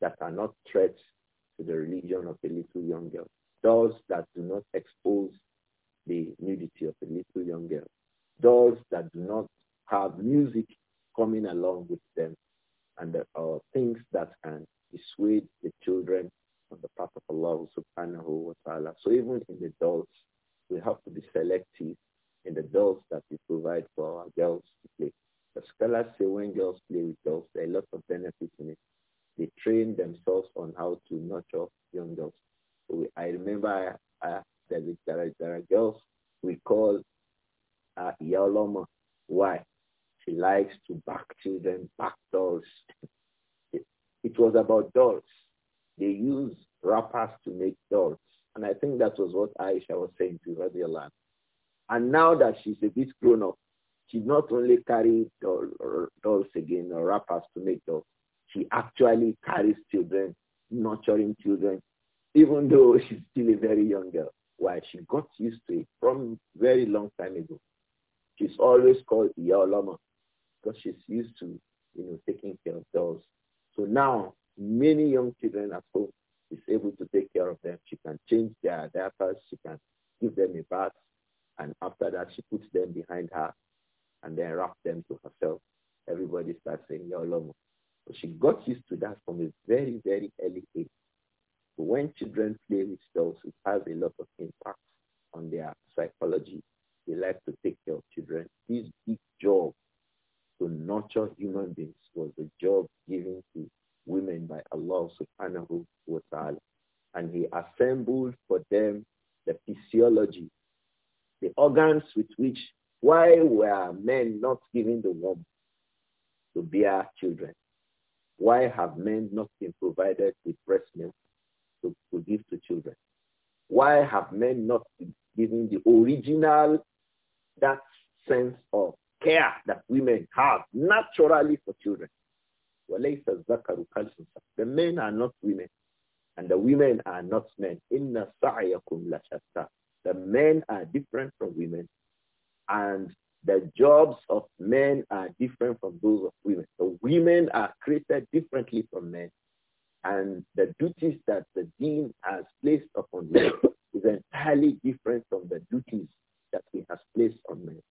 that are not threats to the religion of a little young girl, dolls that do not expose the nudity of a little young girl, dolls that do not have music coming along with them and there are things that can dissuade the children on the path of Allah subhanahu wa ta'ala. So even in the we have to be selective in the dolls that we provide for our girls to play. The scholars say when girls play with dolls, there are lots of benefits in it. They train themselves on how to nurture young girls. So we, I remember uh, there, are, there are girls we call uh, Yaloma. Why? He likes to back children, back dolls. It was about dolls. They used wrappers to make dolls. And I think that was what Aisha was saying to Radiolan. And now that she's a bit grown up, she not only carries doll, dolls again or to make dolls, she actually carries children, nurturing children, even though she's still a very young girl. Why? She got used to it from very long time ago. She's always called Yaolama because she's used to, you know, taking care of dolls. So now many young children at home is able to take care of them. She can change their diapers. She can give them a bath. And after that, she puts them behind her and then wraps them to herself. Everybody starts saying, Yolomo. So she got used to that from a very, very early age. So when children play with dolls, it has a lot of impact on their psychology. They like to take care of children. This big job to nurture human beings was the job given to women by Allah subhanahu wa ta'ala. And he assembled for them the physiology, the organs with which, why were men not given the womb to bear children? Why have men not been provided with breast milk to, to give to children? Why have men not been given the original, that sense of care that women have naturally for children. The men are not women, and the women are not men. The men are different from women, and the jobs of men are different from those of women. So women are created differently from men, and the duties that the dean has placed upon them is entirely different from the duties that he has placed on men.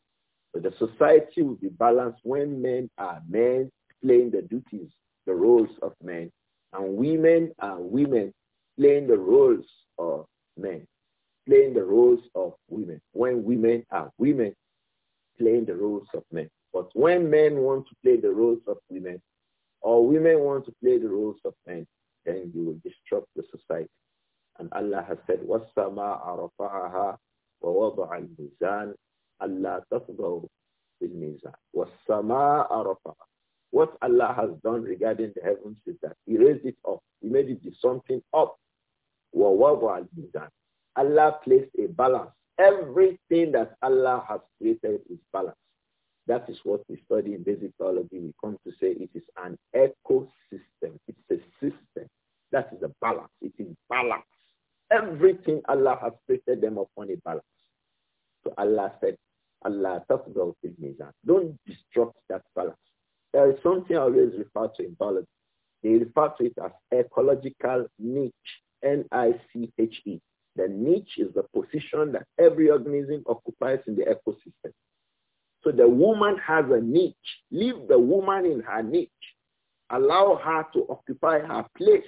But the society will be balanced when men are men playing the duties, the roles of men, and women are women playing the roles of men, playing the roles of women, when women are women playing the roles of men. But when men want to play the roles of women, or women want to play the roles of men, then you will disrupt the society. And Allah has said, وَالسَّمَاءَ رَفَعَهَا وَوَضَعَ الْمِيزَانَ Allah tafgaw fil mizan. What Allah has done regarding the heavens is that He raised it up. He made it be something up. وَوَضَعَ did. Allah placed a balance. Everything that Allah has created is balanced. That is what we study in basic theology. We come to say it is an ecosystem. It's a system. That is a balance. It is balance. Everything Allah has created them upon a balance. So Allah said, Allah tafdaw mizan. Don't disrupt that balance. There is something I always refer to in biology. They refer to it as ecological niche, N-I-C-H-E. The niche is the position that every organism occupies in the ecosystem. So the woman has a niche. Leave the woman in her niche. Allow her to occupy her place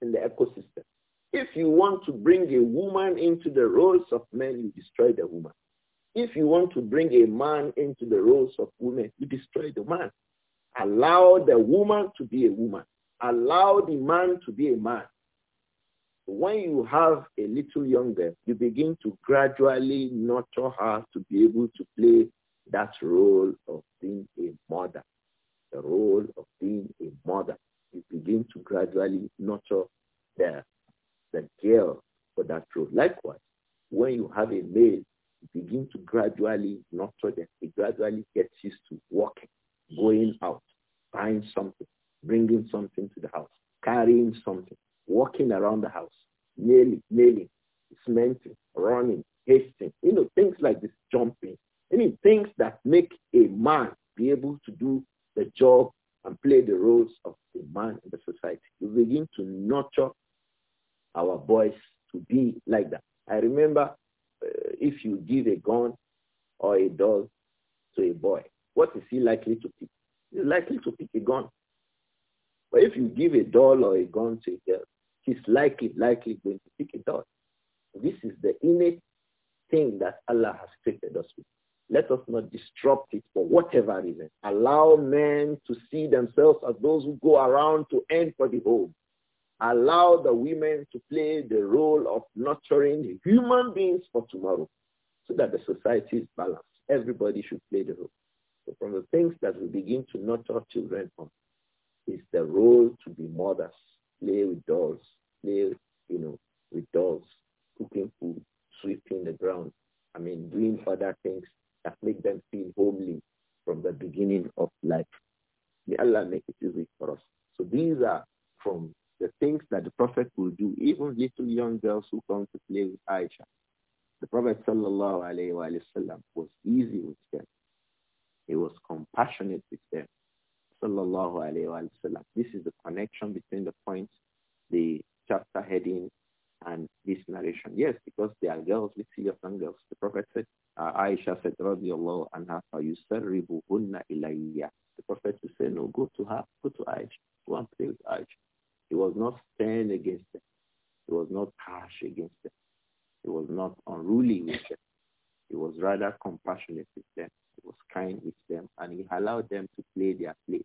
in the ecosystem. If you want to bring a woman into the roles of men, you destroy the woman. If you want to bring a man into the roles of women, you destroy the man. Allow the woman to be a woman. Allow the man to be a man. When you have a little younger, you begin to gradually nurture her to be able to play that role of being a mother. The role of being a mother. You begin to gradually nurture the, the girl for that role. Likewise, when you have a male begin to gradually nurture them. They gradually get used to walking, going out, buying something, bringing something to the house, carrying something, walking around the house, nearly, nailing, cementing, running, hasting, you know, things like this, jumping, I mean things that make a man be able to do the job and play the roles of a man in the society. We begin to nurture our boys to be like that. I remember uh, if you give a gun or a doll to a boy, what is he likely to pick? He's likely to pick a gun. But if you give a doll or a gun to a girl, he's likely, likely going to pick a doll. This is the innate thing that Allah has created us with. Let us not disrupt it for whatever reason. Allow men to see themselves as those who go around to end for the home allow the women to play the role of nurturing human beings for tomorrow so that the society is balanced. Everybody should play the role. So from the things that we begin to nurture children on is the role to be mothers, play with dolls, play, you know, with dolls, cooking food, sweeping the ground. I mean, doing other things that make them feel homely from the beginning of life. May Allah make it easy for us. So these are from the things that the Prophet will do, even little young girls who come to play with Aisha. The Prophet وسلم, was easy with them. He was compassionate with them. Sallallahu This is the connection between the points, the chapter heading, and this narration. Yes, because they are girls, little young girls. The Prophet said, uh, Aisha said, radiallahu anha, فَيُسَرِّبُهُنَّ ilayya." The Prophet would say, no, go to her, go to Aisha. compassionate with them. He was kind with them and he allowed them to play their place.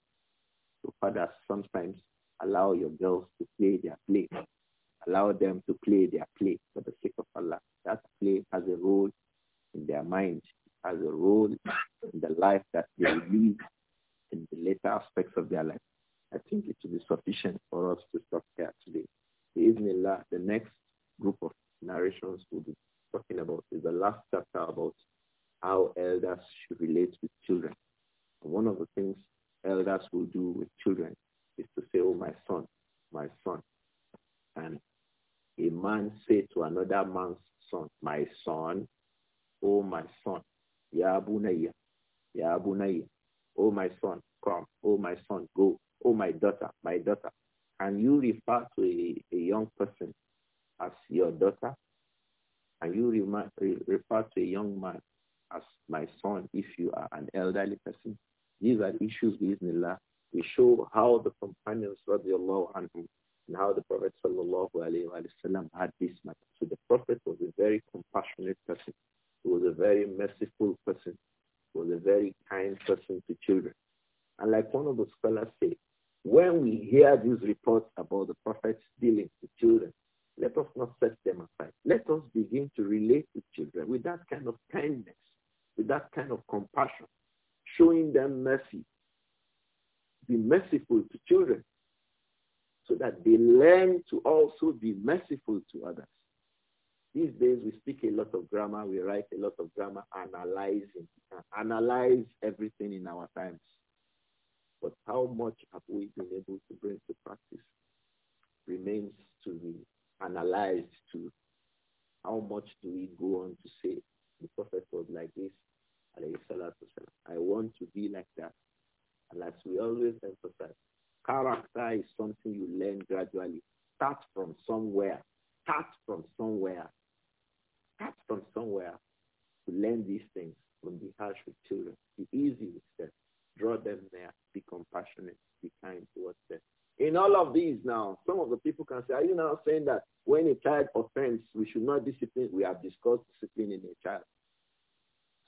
In all of these now, some of the people can say, are you now saying that when a child offends, we should not discipline? We have discussed discipline in a child.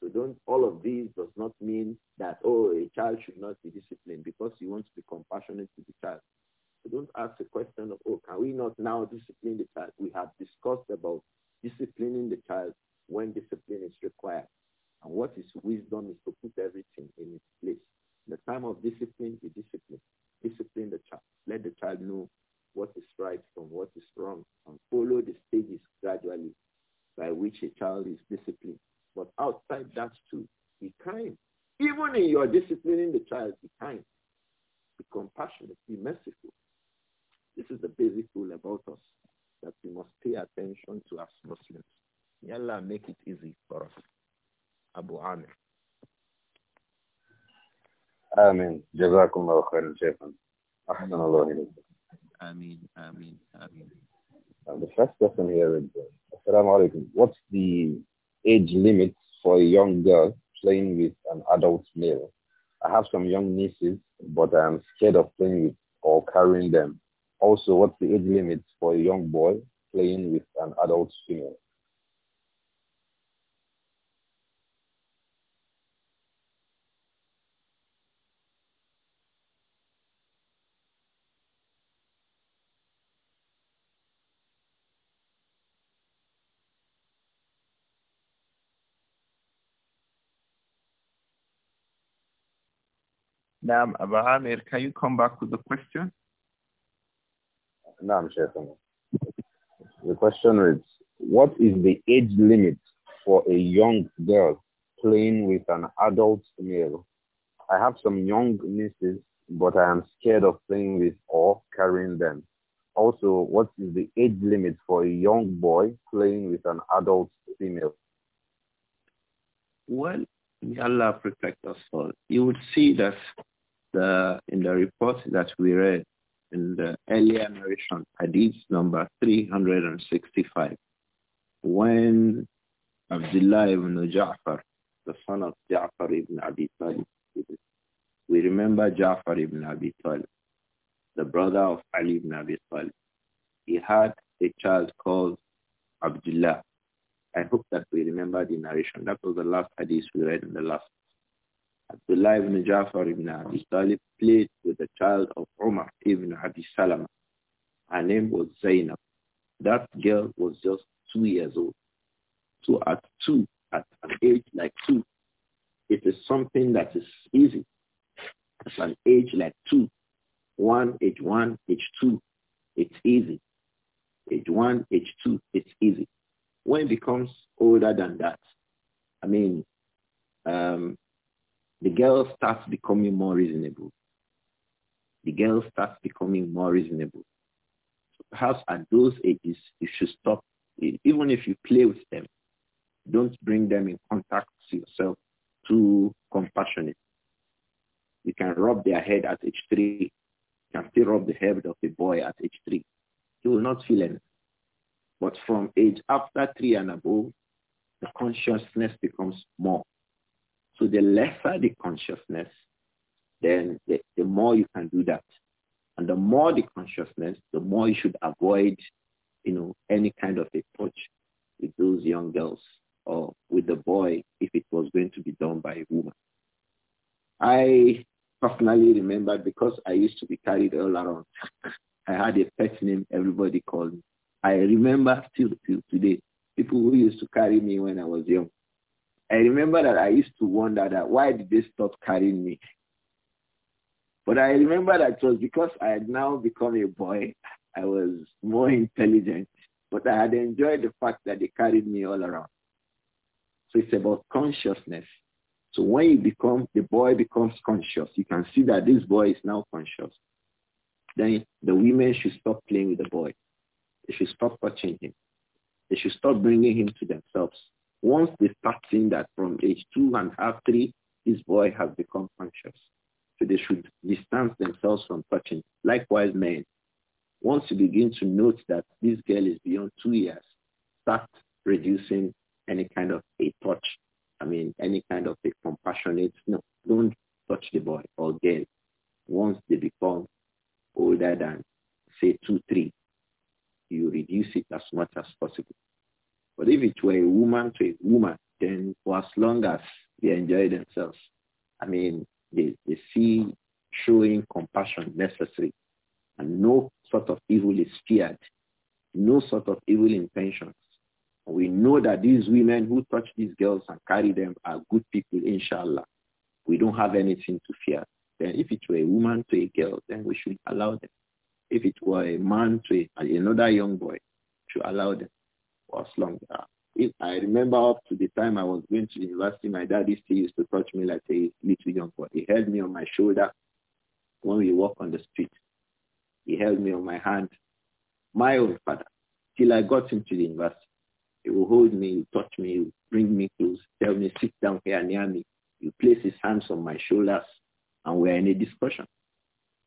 So don't, all of these does not mean that, oh, a child should not be disciplined because you want to be compassionate to the child. So don't ask the question of, oh, can we not now discipline the child? We have discussed about disciplining the child when discipline is required. And what is wisdom is to put everything in its place. In the time of discipline, we discipline discipline the child. Let the child know what is right from what is wrong and follow the stages gradually by which a child is disciplined. But outside that too, be kind. Even in your disciplining the child, be kind. Be compassionate. Be merciful. This is the basic rule about us that we must pay attention to as Muslims. May Allah make it easy for us. Abu Amir. آمين جزاكم الله خيرا شيخنا أحسن الله إليكم آمين آمين آمين And the first question here is, Assalamu alaikum. What's the age limit for a young girl playing with an adult male? I have some young nieces, but I am scared of playing with or carrying them. Also, what's the age limit for a young boy playing with an adult female? Naam, can you come back with the question? Naam, Sheikh. The question reads, what is the age limit for a young girl playing with an adult male? I have some young nieces, but I am scared of playing with or carrying them. Also, what is the age limit for a young boy playing with an adult female? Well, may Allah protect us all. You would see that the, uh, in the report that we read in the earlier narration, hadith number 365, when Abdullah ibn Ja'far, the son of Ja'far ibn Abi Talib, we remember Ja'far ibn Abi Talib, the brother of Ali ibn Abi Talib. He had a child called Abdullah. I hope that we remember the narration. That was the last hadith we read in the last Abdullah ibn Jafar ibn Abi Talib played with the child of Umar ibn Abi Salama. Her name was Zainab. That girl was just two years old. So at two, at an age like two, it is something that is easy. At an age like two, one, age one, age two, it's easy. Age one, age two, it's easy. When it becomes older than that, I mean, um, the girl starts becoming more reasonable. The girl starts becoming more reasonable. So perhaps at those ages, you should stop. Even if you play with them, don't bring them in contact with yourself too compassionate. You can rub their head at age three. You can still rub the head of a boy at age three. He will not feel anything. But from age after three and above, the consciousness becomes more so the lesser the consciousness, then the, the more you can do that. And the more the consciousness, the more you should avoid, you know, any kind of a touch with those young girls or with the boy if it was going to be done by a woman. I personally remember because I used to be carried all around. I had a pet name everybody called me. I remember still till today people who used to carry me when I was young. I remember that I used to wonder that why did they stop carrying me? But I remember that it was because I had now become a boy. I was more intelligent, but I had enjoyed the fact that they carried me all around. So it's about consciousness. So when you become, the boy becomes conscious. You can see that this boy is now conscious. Then the women should stop playing with the boy. They should stop touching him. They should stop bringing him to themselves. Once they start seeing that from age two and half, three, this boy has become conscious. So they should distance themselves from touching. Likewise, men, once you begin to note that this girl is beyond two years, start reducing any kind of a touch. I mean, any kind of a compassionate, no, don't touch the boy or girl once they become older than, say, two, three. You reduce it as much as possible. But if it were a woman to a woman, then for as long as they enjoy themselves, I mean, they, they see showing compassion necessary. And no sort of evil is feared. No sort of evil intentions. We know that these women who touch these girls and carry them are good people, inshallah. We don't have anything to fear. Then if it were a woman to a girl, then we should allow them. If it were a man to a, another young boy, we should allow them for as long. Uh, if I remember up to the time I was going to university, my daddy still used to touch me like a little young boy. He held me on my shoulder when we walk on the street. He held me on my hand, my own father, till I got into the university. He will hold me, he touch me, he bring me close, tell me, sit down here near me. He place his hands on my shoulders and we're in a discussion.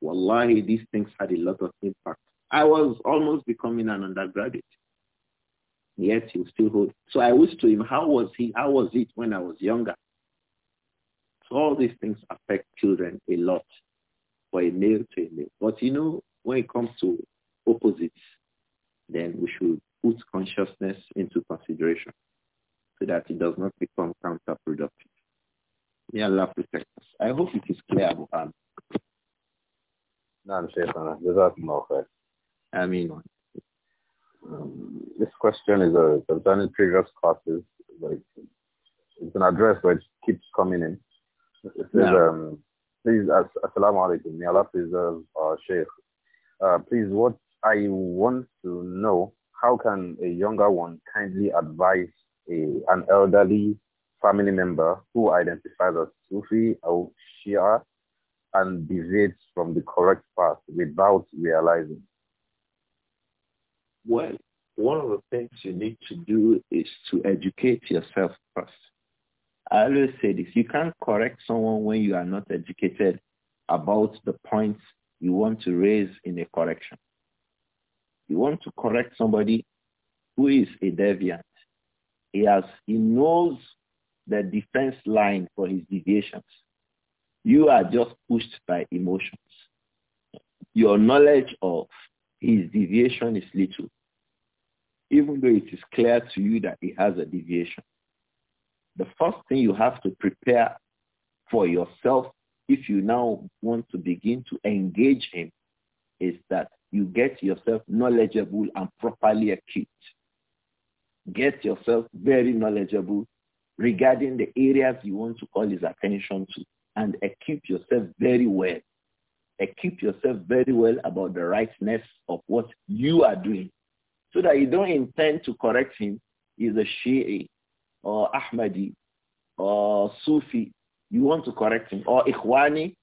Wallahi, these things had a lot of impact. I was almost becoming an undergraduate. Yet he still hold. So I wish to him, how was he? How was it when I was younger? So all these things affect children a lot for a male to a male. But you know, when it comes to opposites, then we should put consciousness into consideration so that it does not become counterproductive. May Allah protect us. I hope it is clear, Muhammad. نعم شيخنا جزاكم um, this question is a uh, concerning previous classes, like it's an address but it keeps coming in. It says, no. um, please, as, assalamu alaikum, may Allah preserve our sheikh. Uh, please, what I want to know, how can a younger one kindly advise a, an elderly family member who identifies as Sufi or Shia and deviates from the correct path without realizing? Well, one of the things you need to do is to educate yourself first. I always say this, you can't correct someone when you are not educated about the points you want to raise in a correction. You want to correct somebody who is a deviant. He has, he knows the defense line for his deviations. You are just pushed by emotions. Your knowledge of his deviation is little even though it is clear to you that it has a deviation. The first thing you have to prepare for yourself if you now want to begin to engage him is that you get yourself knowledgeable and properly equipped. Get yourself very knowledgeable regarding the areas you want to call his attention to and equip yourself very well. Equip yourself very well about the rightness of what you are doing so that you don't intend to correct him, is a Shi'i or Ahmadi or Sufi, you want to correct him, or Ikhwani,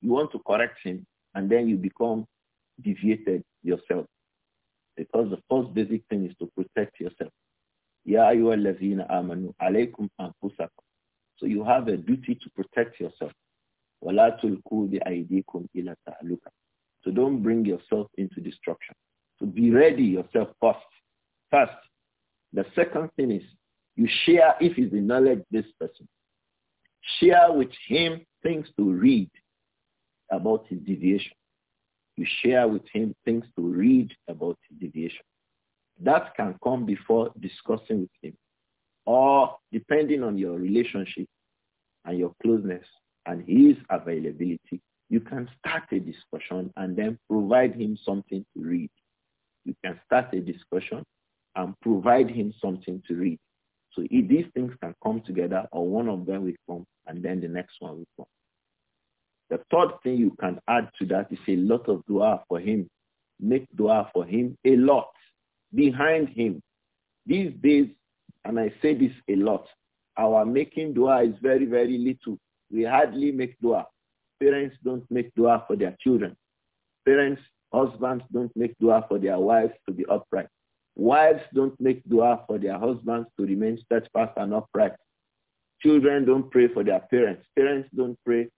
you want to correct him, and then you become deviated yourself. Because the first basic thing is to protect yourself. So you have a duty to protect yourself. So don't bring yourself into destruction be ready yourself first. First. The second thing is you share, if he's in knowledge, this person. Share with him things to read about his deviation. You share with him things to read about his deviation. That can come before discussing with him. Or depending on your relationship and your closeness and his availability, you can start a discussion and then provide him something to read you can start a discussion and provide him something to read. So if these things can come together or one of them will come and then the next one will come. The third thing you can add to that is a lot of dua for him. Make dua for him a lot behind him. These days, and I say this a lot, our making dua is very, very little. We hardly make dua. Parents don't make dua for their children. Parents Husbands don't make dua for their wives to be upright. Wives don't make dua for their husbands to remain steadfast and upright. Children don't pray for their parents. Parents don't pray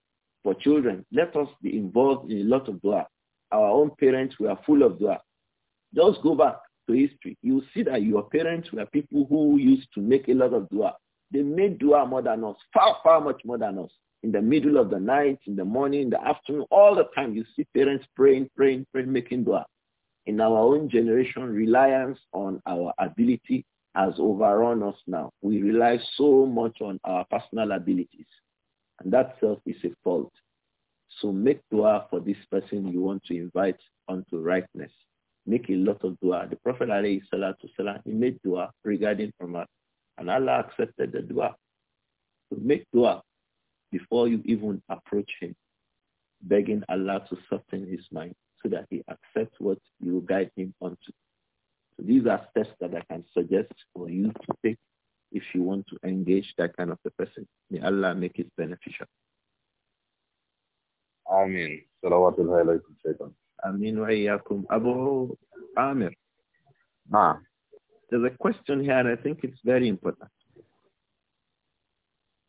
for children. Let us be involved in a lot of dua. Our own parents were full of dua. Just go back to history. You will see that your parents were people who used to make a lot of dua. They made dua more than us, far, far much more than us in the middle of the night, in the morning, in the afternoon, all the time you see parents praying, praying, praying, making dua. In our own generation, reliance on our ability has overrun us now. We rely so much on our personal abilities. And that self is a fault. So make dua for this person you want to invite onto rightness. Make a lot of dua. The Prophet alayhi salatu salam, he made dua regarding from us. And Allah accepted the dua. So make dua before you even approach him, begging Allah to soften his mind so that he accepts what you guide him onto. So these are steps that I can suggest for you to take if you want to engage that kind of a person. May Allah make it beneficial. Amin. Salawatullahi alaykum, Shaitan. Amin wa iyaakum. Abu Amir. Ah. There's a question here and I think it's very important.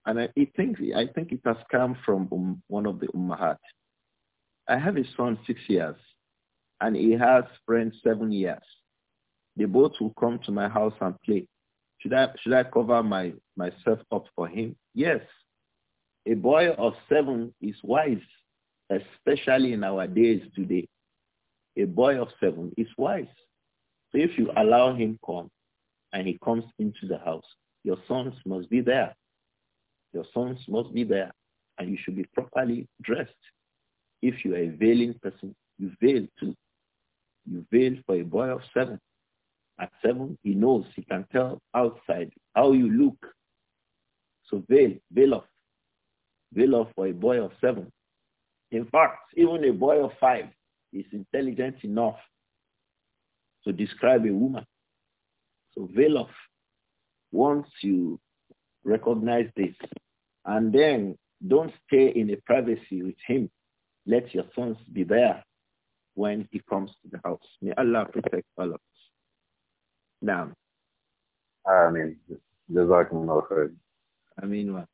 And I it I think it has come from um, one of the Ummahat. I have a son six years, and he has friends seven years. They both will come to my house and play. Should I should I cover my myself up for him? Yes. A boy of seven is wise, especially in our days today. A boy of seven is wise. So if you allow him come and he comes into the house, your sons must be there. Your sons must be there and you should be properly dressed. If you are a veiling person, you veil too. You veil for a boy of seven. At seven, he knows, he can tell outside how you look. So veil, veil off. Veil off for a boy of seven. In fact, even a boy of five is intelligent enough to describe a woman. So veil off. Once you recognize this, and then don't stay in a privacy with him. Let your sons be there when he comes to the house. May Allah protect all of us. Naam. Ameen. Jazakumullah khair. Ameen wa.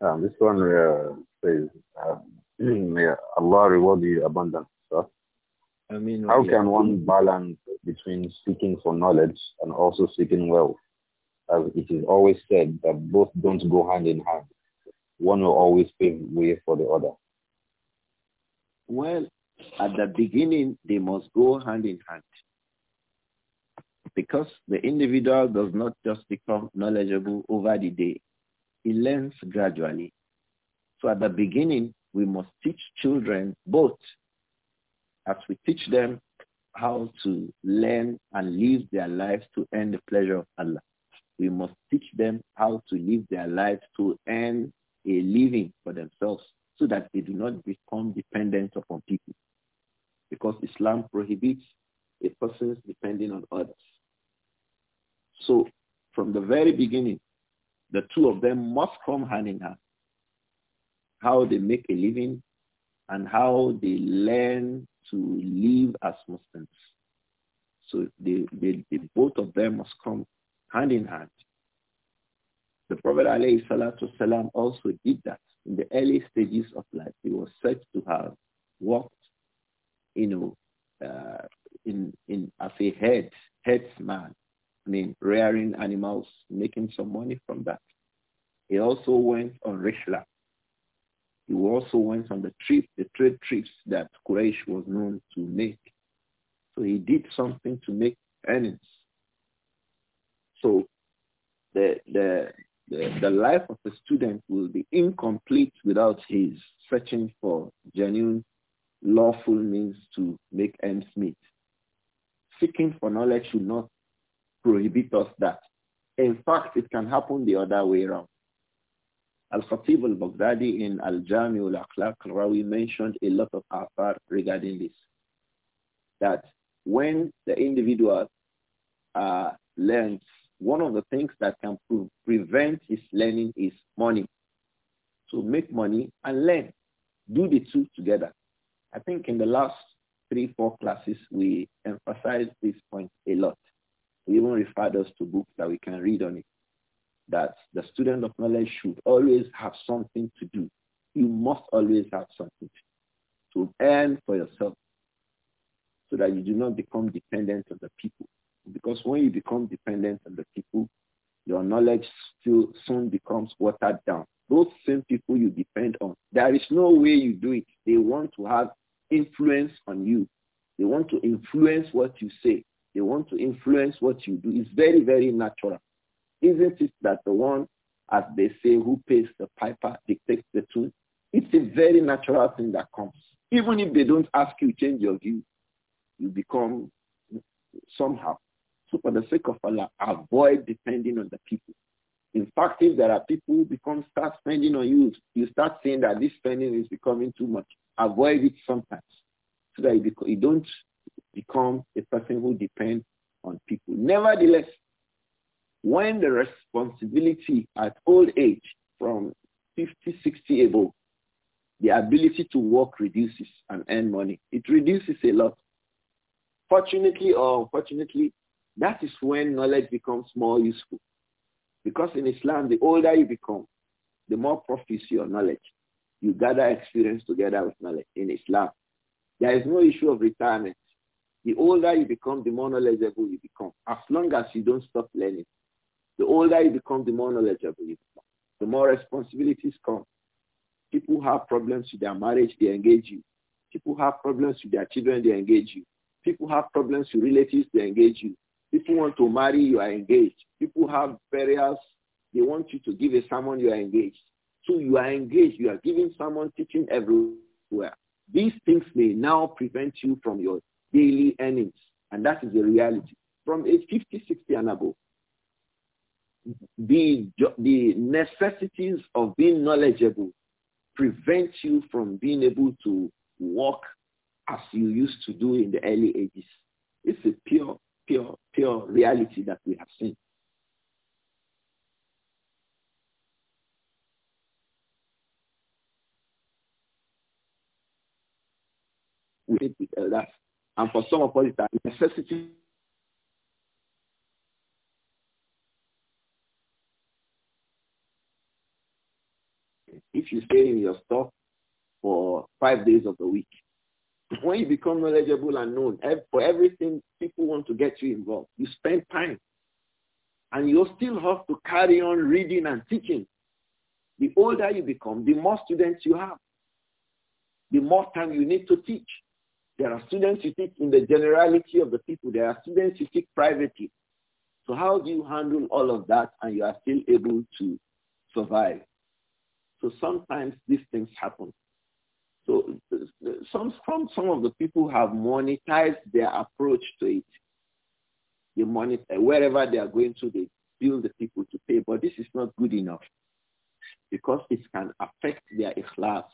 Um, this one uh, says, uh, may Allah reward you abundantly, sir. mean, How can one balance between seeking for knowledge and also seeking wealth? as it is always said, that both don't go hand in hand. One will always pave way for the other. Well, at the beginning, they must go hand in hand. Because the individual does not just become knowledgeable over the day. He learns gradually. So at the beginning, we must teach children both as we teach them how to learn and live their lives to earn the pleasure of Allah. We must teach them how to live their lives to earn a living for themselves so that they do not become dependent upon people. Because Islam prohibits a person's depending on others. So from the very beginning, the two of them must come hand in hand. How they make a living and how they learn to live as Muslims. So they, they, they both of them must come hand in hand. The Prophet والسلام, also did that in the early stages of life. He was said to have worked, you know, uh, in, in as a head, headsman. I mean, rearing animals, making some money from that. He also went on Rishla. He also went on the trip, the trade trips that Quraysh was known to make. So he did something to make earnings. So the, the, the, the life of the student will be incomplete without his searching for genuine lawful means to make ends meet. Seeking for knowledge should not prohibit us that. In fact, it can happen the other way around. Al-Khatib al-Baghdadi in Al-Jami al-Akhlaq al-Rawi mentioned a lot of afar regarding this, that when the individual uh, learns one of the things that can pre prevent his learning is money. So make money and learn. Do the two together. I think in the last three, four classes, we emphasized this point a lot. We even referred us to books that we can read on it. That the student of knowledge should always have something to do. You must always have something to, to earn for yourself so that you do not become dependent on the people because when you become dependent on the people, your knowledge still soon becomes watered down. Those same people you depend on, there is no way you do it. They want to have influence on you. They want to influence what you say. They want to influence what you do. It's very, very natural. Isn't it that the one, as they say, who pays the piper dictates the tune? It's a very natural thing that comes. Even if they don't ask you to change your view, you become somehow so for the sake of Allah, avoid depending on the people. In fact, if there are people who become start spending on you, you start seeing that this spending is becoming too much. Avoid it sometimes so that you, you don't become a person who depends on people. Nevertheless, when the responsibility at old age from 50, 60 above, the ability to work reduces and earn money. It reduces a lot. Fortunately or unfortunately, that is when knowledge becomes more useful. Because in Islam, the older you become, the more profits your knowledge. You gather experience together with knowledge in Islam. There is no issue of retirement. The older you become, the more knowledgeable you become. As long as you don't stop learning, the older you become, the more knowledgeable you become. The more responsibilities come. People have problems with their marriage, they engage you. People have problems with their children, they engage you. People have problems with relatives, they engage you. People want to marry, you are engaged. People have burials, they want you to give a sermon, you are engaged. So you are engaged, you are giving someone teaching everywhere. These things may now prevent you from your daily earnings. And that is the reality. From age 50, 60 and above, the, the necessities of being knowledgeable prevent you from being able to walk as you used to do in the early eighties. It's a pure pure, pure reality that we have seen. We need to tell uh, that. And for some of us, it's a necessity if you stay in your store for five days of the week, when you become knowledgeable and known for everything, people want to get you involved. You spend time. And you still have to carry on reading and teaching. The older you become, the more students you have, the more time you need to teach. There are students you teach in the generality of the people. There are students you teach privately. So how do you handle all of that and you are still able to survive? So sometimes these things happen. So some some some of the people have monetized their approach to it. They monetize wherever they are going to, they build the people to pay. But this is not good enough because it can affect their ikhlas.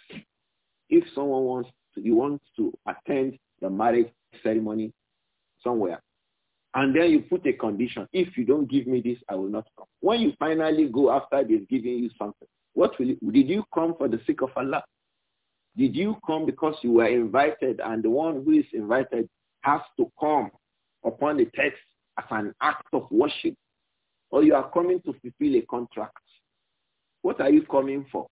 If someone wants to, you want to attend the marriage ceremony somewhere, and then you put a condition, if you don't give me this, I will not come. When you finally go after they've given you something, what will you, did you come for the sake of Allah? Did you come because you were invited and the one who is invited has to come upon the text as an act of worship? Or you are coming to fulfill a contract? What are you coming for?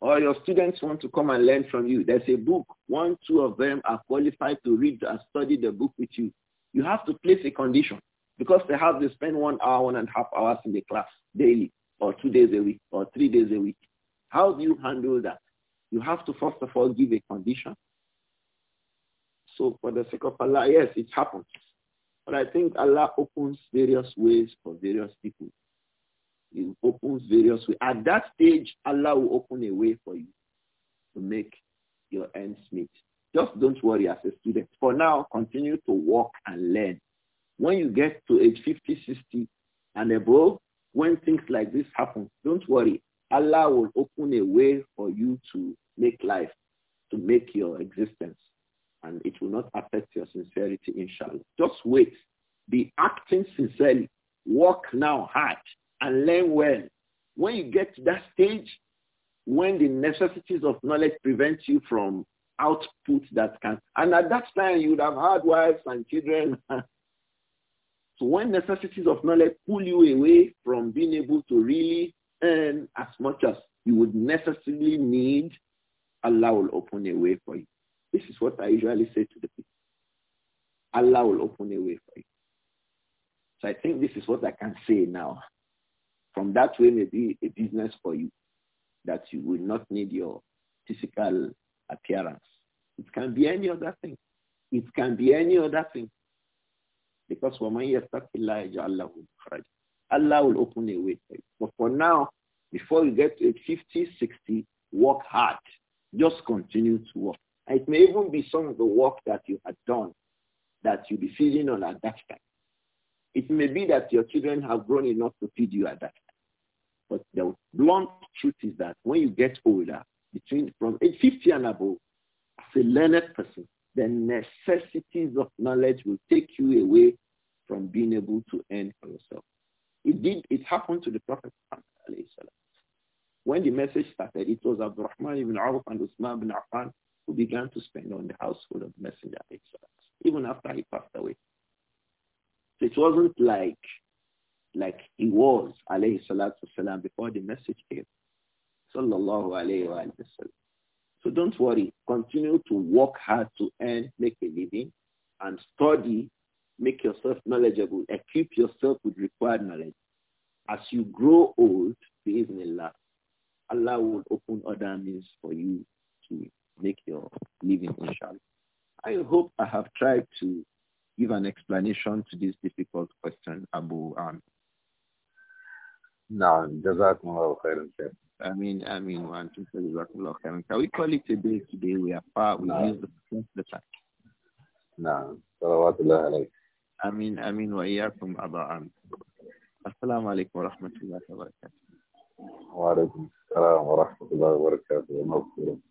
Or your students want to come and learn from you. There's a book. One, two of them are qualified to read and study the book with you. You have to place a condition because they have to spend one hour, one and a half hours in the class daily or two days a week or three days a week. How do you handle that? you have to first of all give a condition. So for the sake of Allah, yes, it happens. But I think Allah opens various ways for various people. He opens various ways. At that stage, Allah will open a way for you to make your ends meet. Just don't worry as a student. For now, continue to work and learn. When you get to age 50, 60 and above, when things like this happen, don't worry. Allah will open a way for you to make life, to make your existence, and it will not affect your sincerity, inshallah. Just wait. Be acting sincerely. Work now hard and learn well. When you get to that stage, when the necessities of knowledge prevent you from output that can, and at that time you would have had wives and children. so when necessities of knowledge pull you away from being able to really earn as much as you would necessarily need, Allah will open a way for you. This is what I usually say to the people. Allah will open a way for you. So I think this is what I can say now. From that way, maybe a business for you that you will not need your physical appearance. It can be any other thing. It can be any other thing. Because وَمَنْ يَتَّقِ اللَّهَ يَجْعَلْ لَهُ مُخْرَجًا Allah will open a way for you. But for now, before you get to 50, 60, work hard. Just continue to work. And it may even be some of the work that you had done that you'll be feeding on at that time. It may be that your children have grown enough to feed you at that time. But the blunt truth is that when you get older, between from age 50 and above, as a learned person, the necessities of knowledge will take you away from being able to earn for yourself. It did. It happened to the Prophet When the message started, it was Abdurrahman ibn Awf and Usman ibn Affan who began to spend on the household of the Messenger even after he passed away. So it wasn't like like he was alayhi salatu before the message came. Sallallahu alayhi wa So don't worry. Continue to work hard to earn, make a living and study Make yourself knowledgeable. Equip yourself with required knowledge. As you grow old, believe in Allah. Allah will open other means for you to make your living, inshallah. I hope I have tried to give an explanation to this difficult question, Abu Amir. No, جزاكم الله خيرا sir. I mean, I mean, one, two, three, jazakumullah khairan. Can we call it a day today? We are far. We no. use the, the time. No. Salawatullah alaykum. أمين أمين وإياكم أبا عم السلام عليكم ورحمة الله وبركاته وعليكم السلام ورحمة الله وبركاته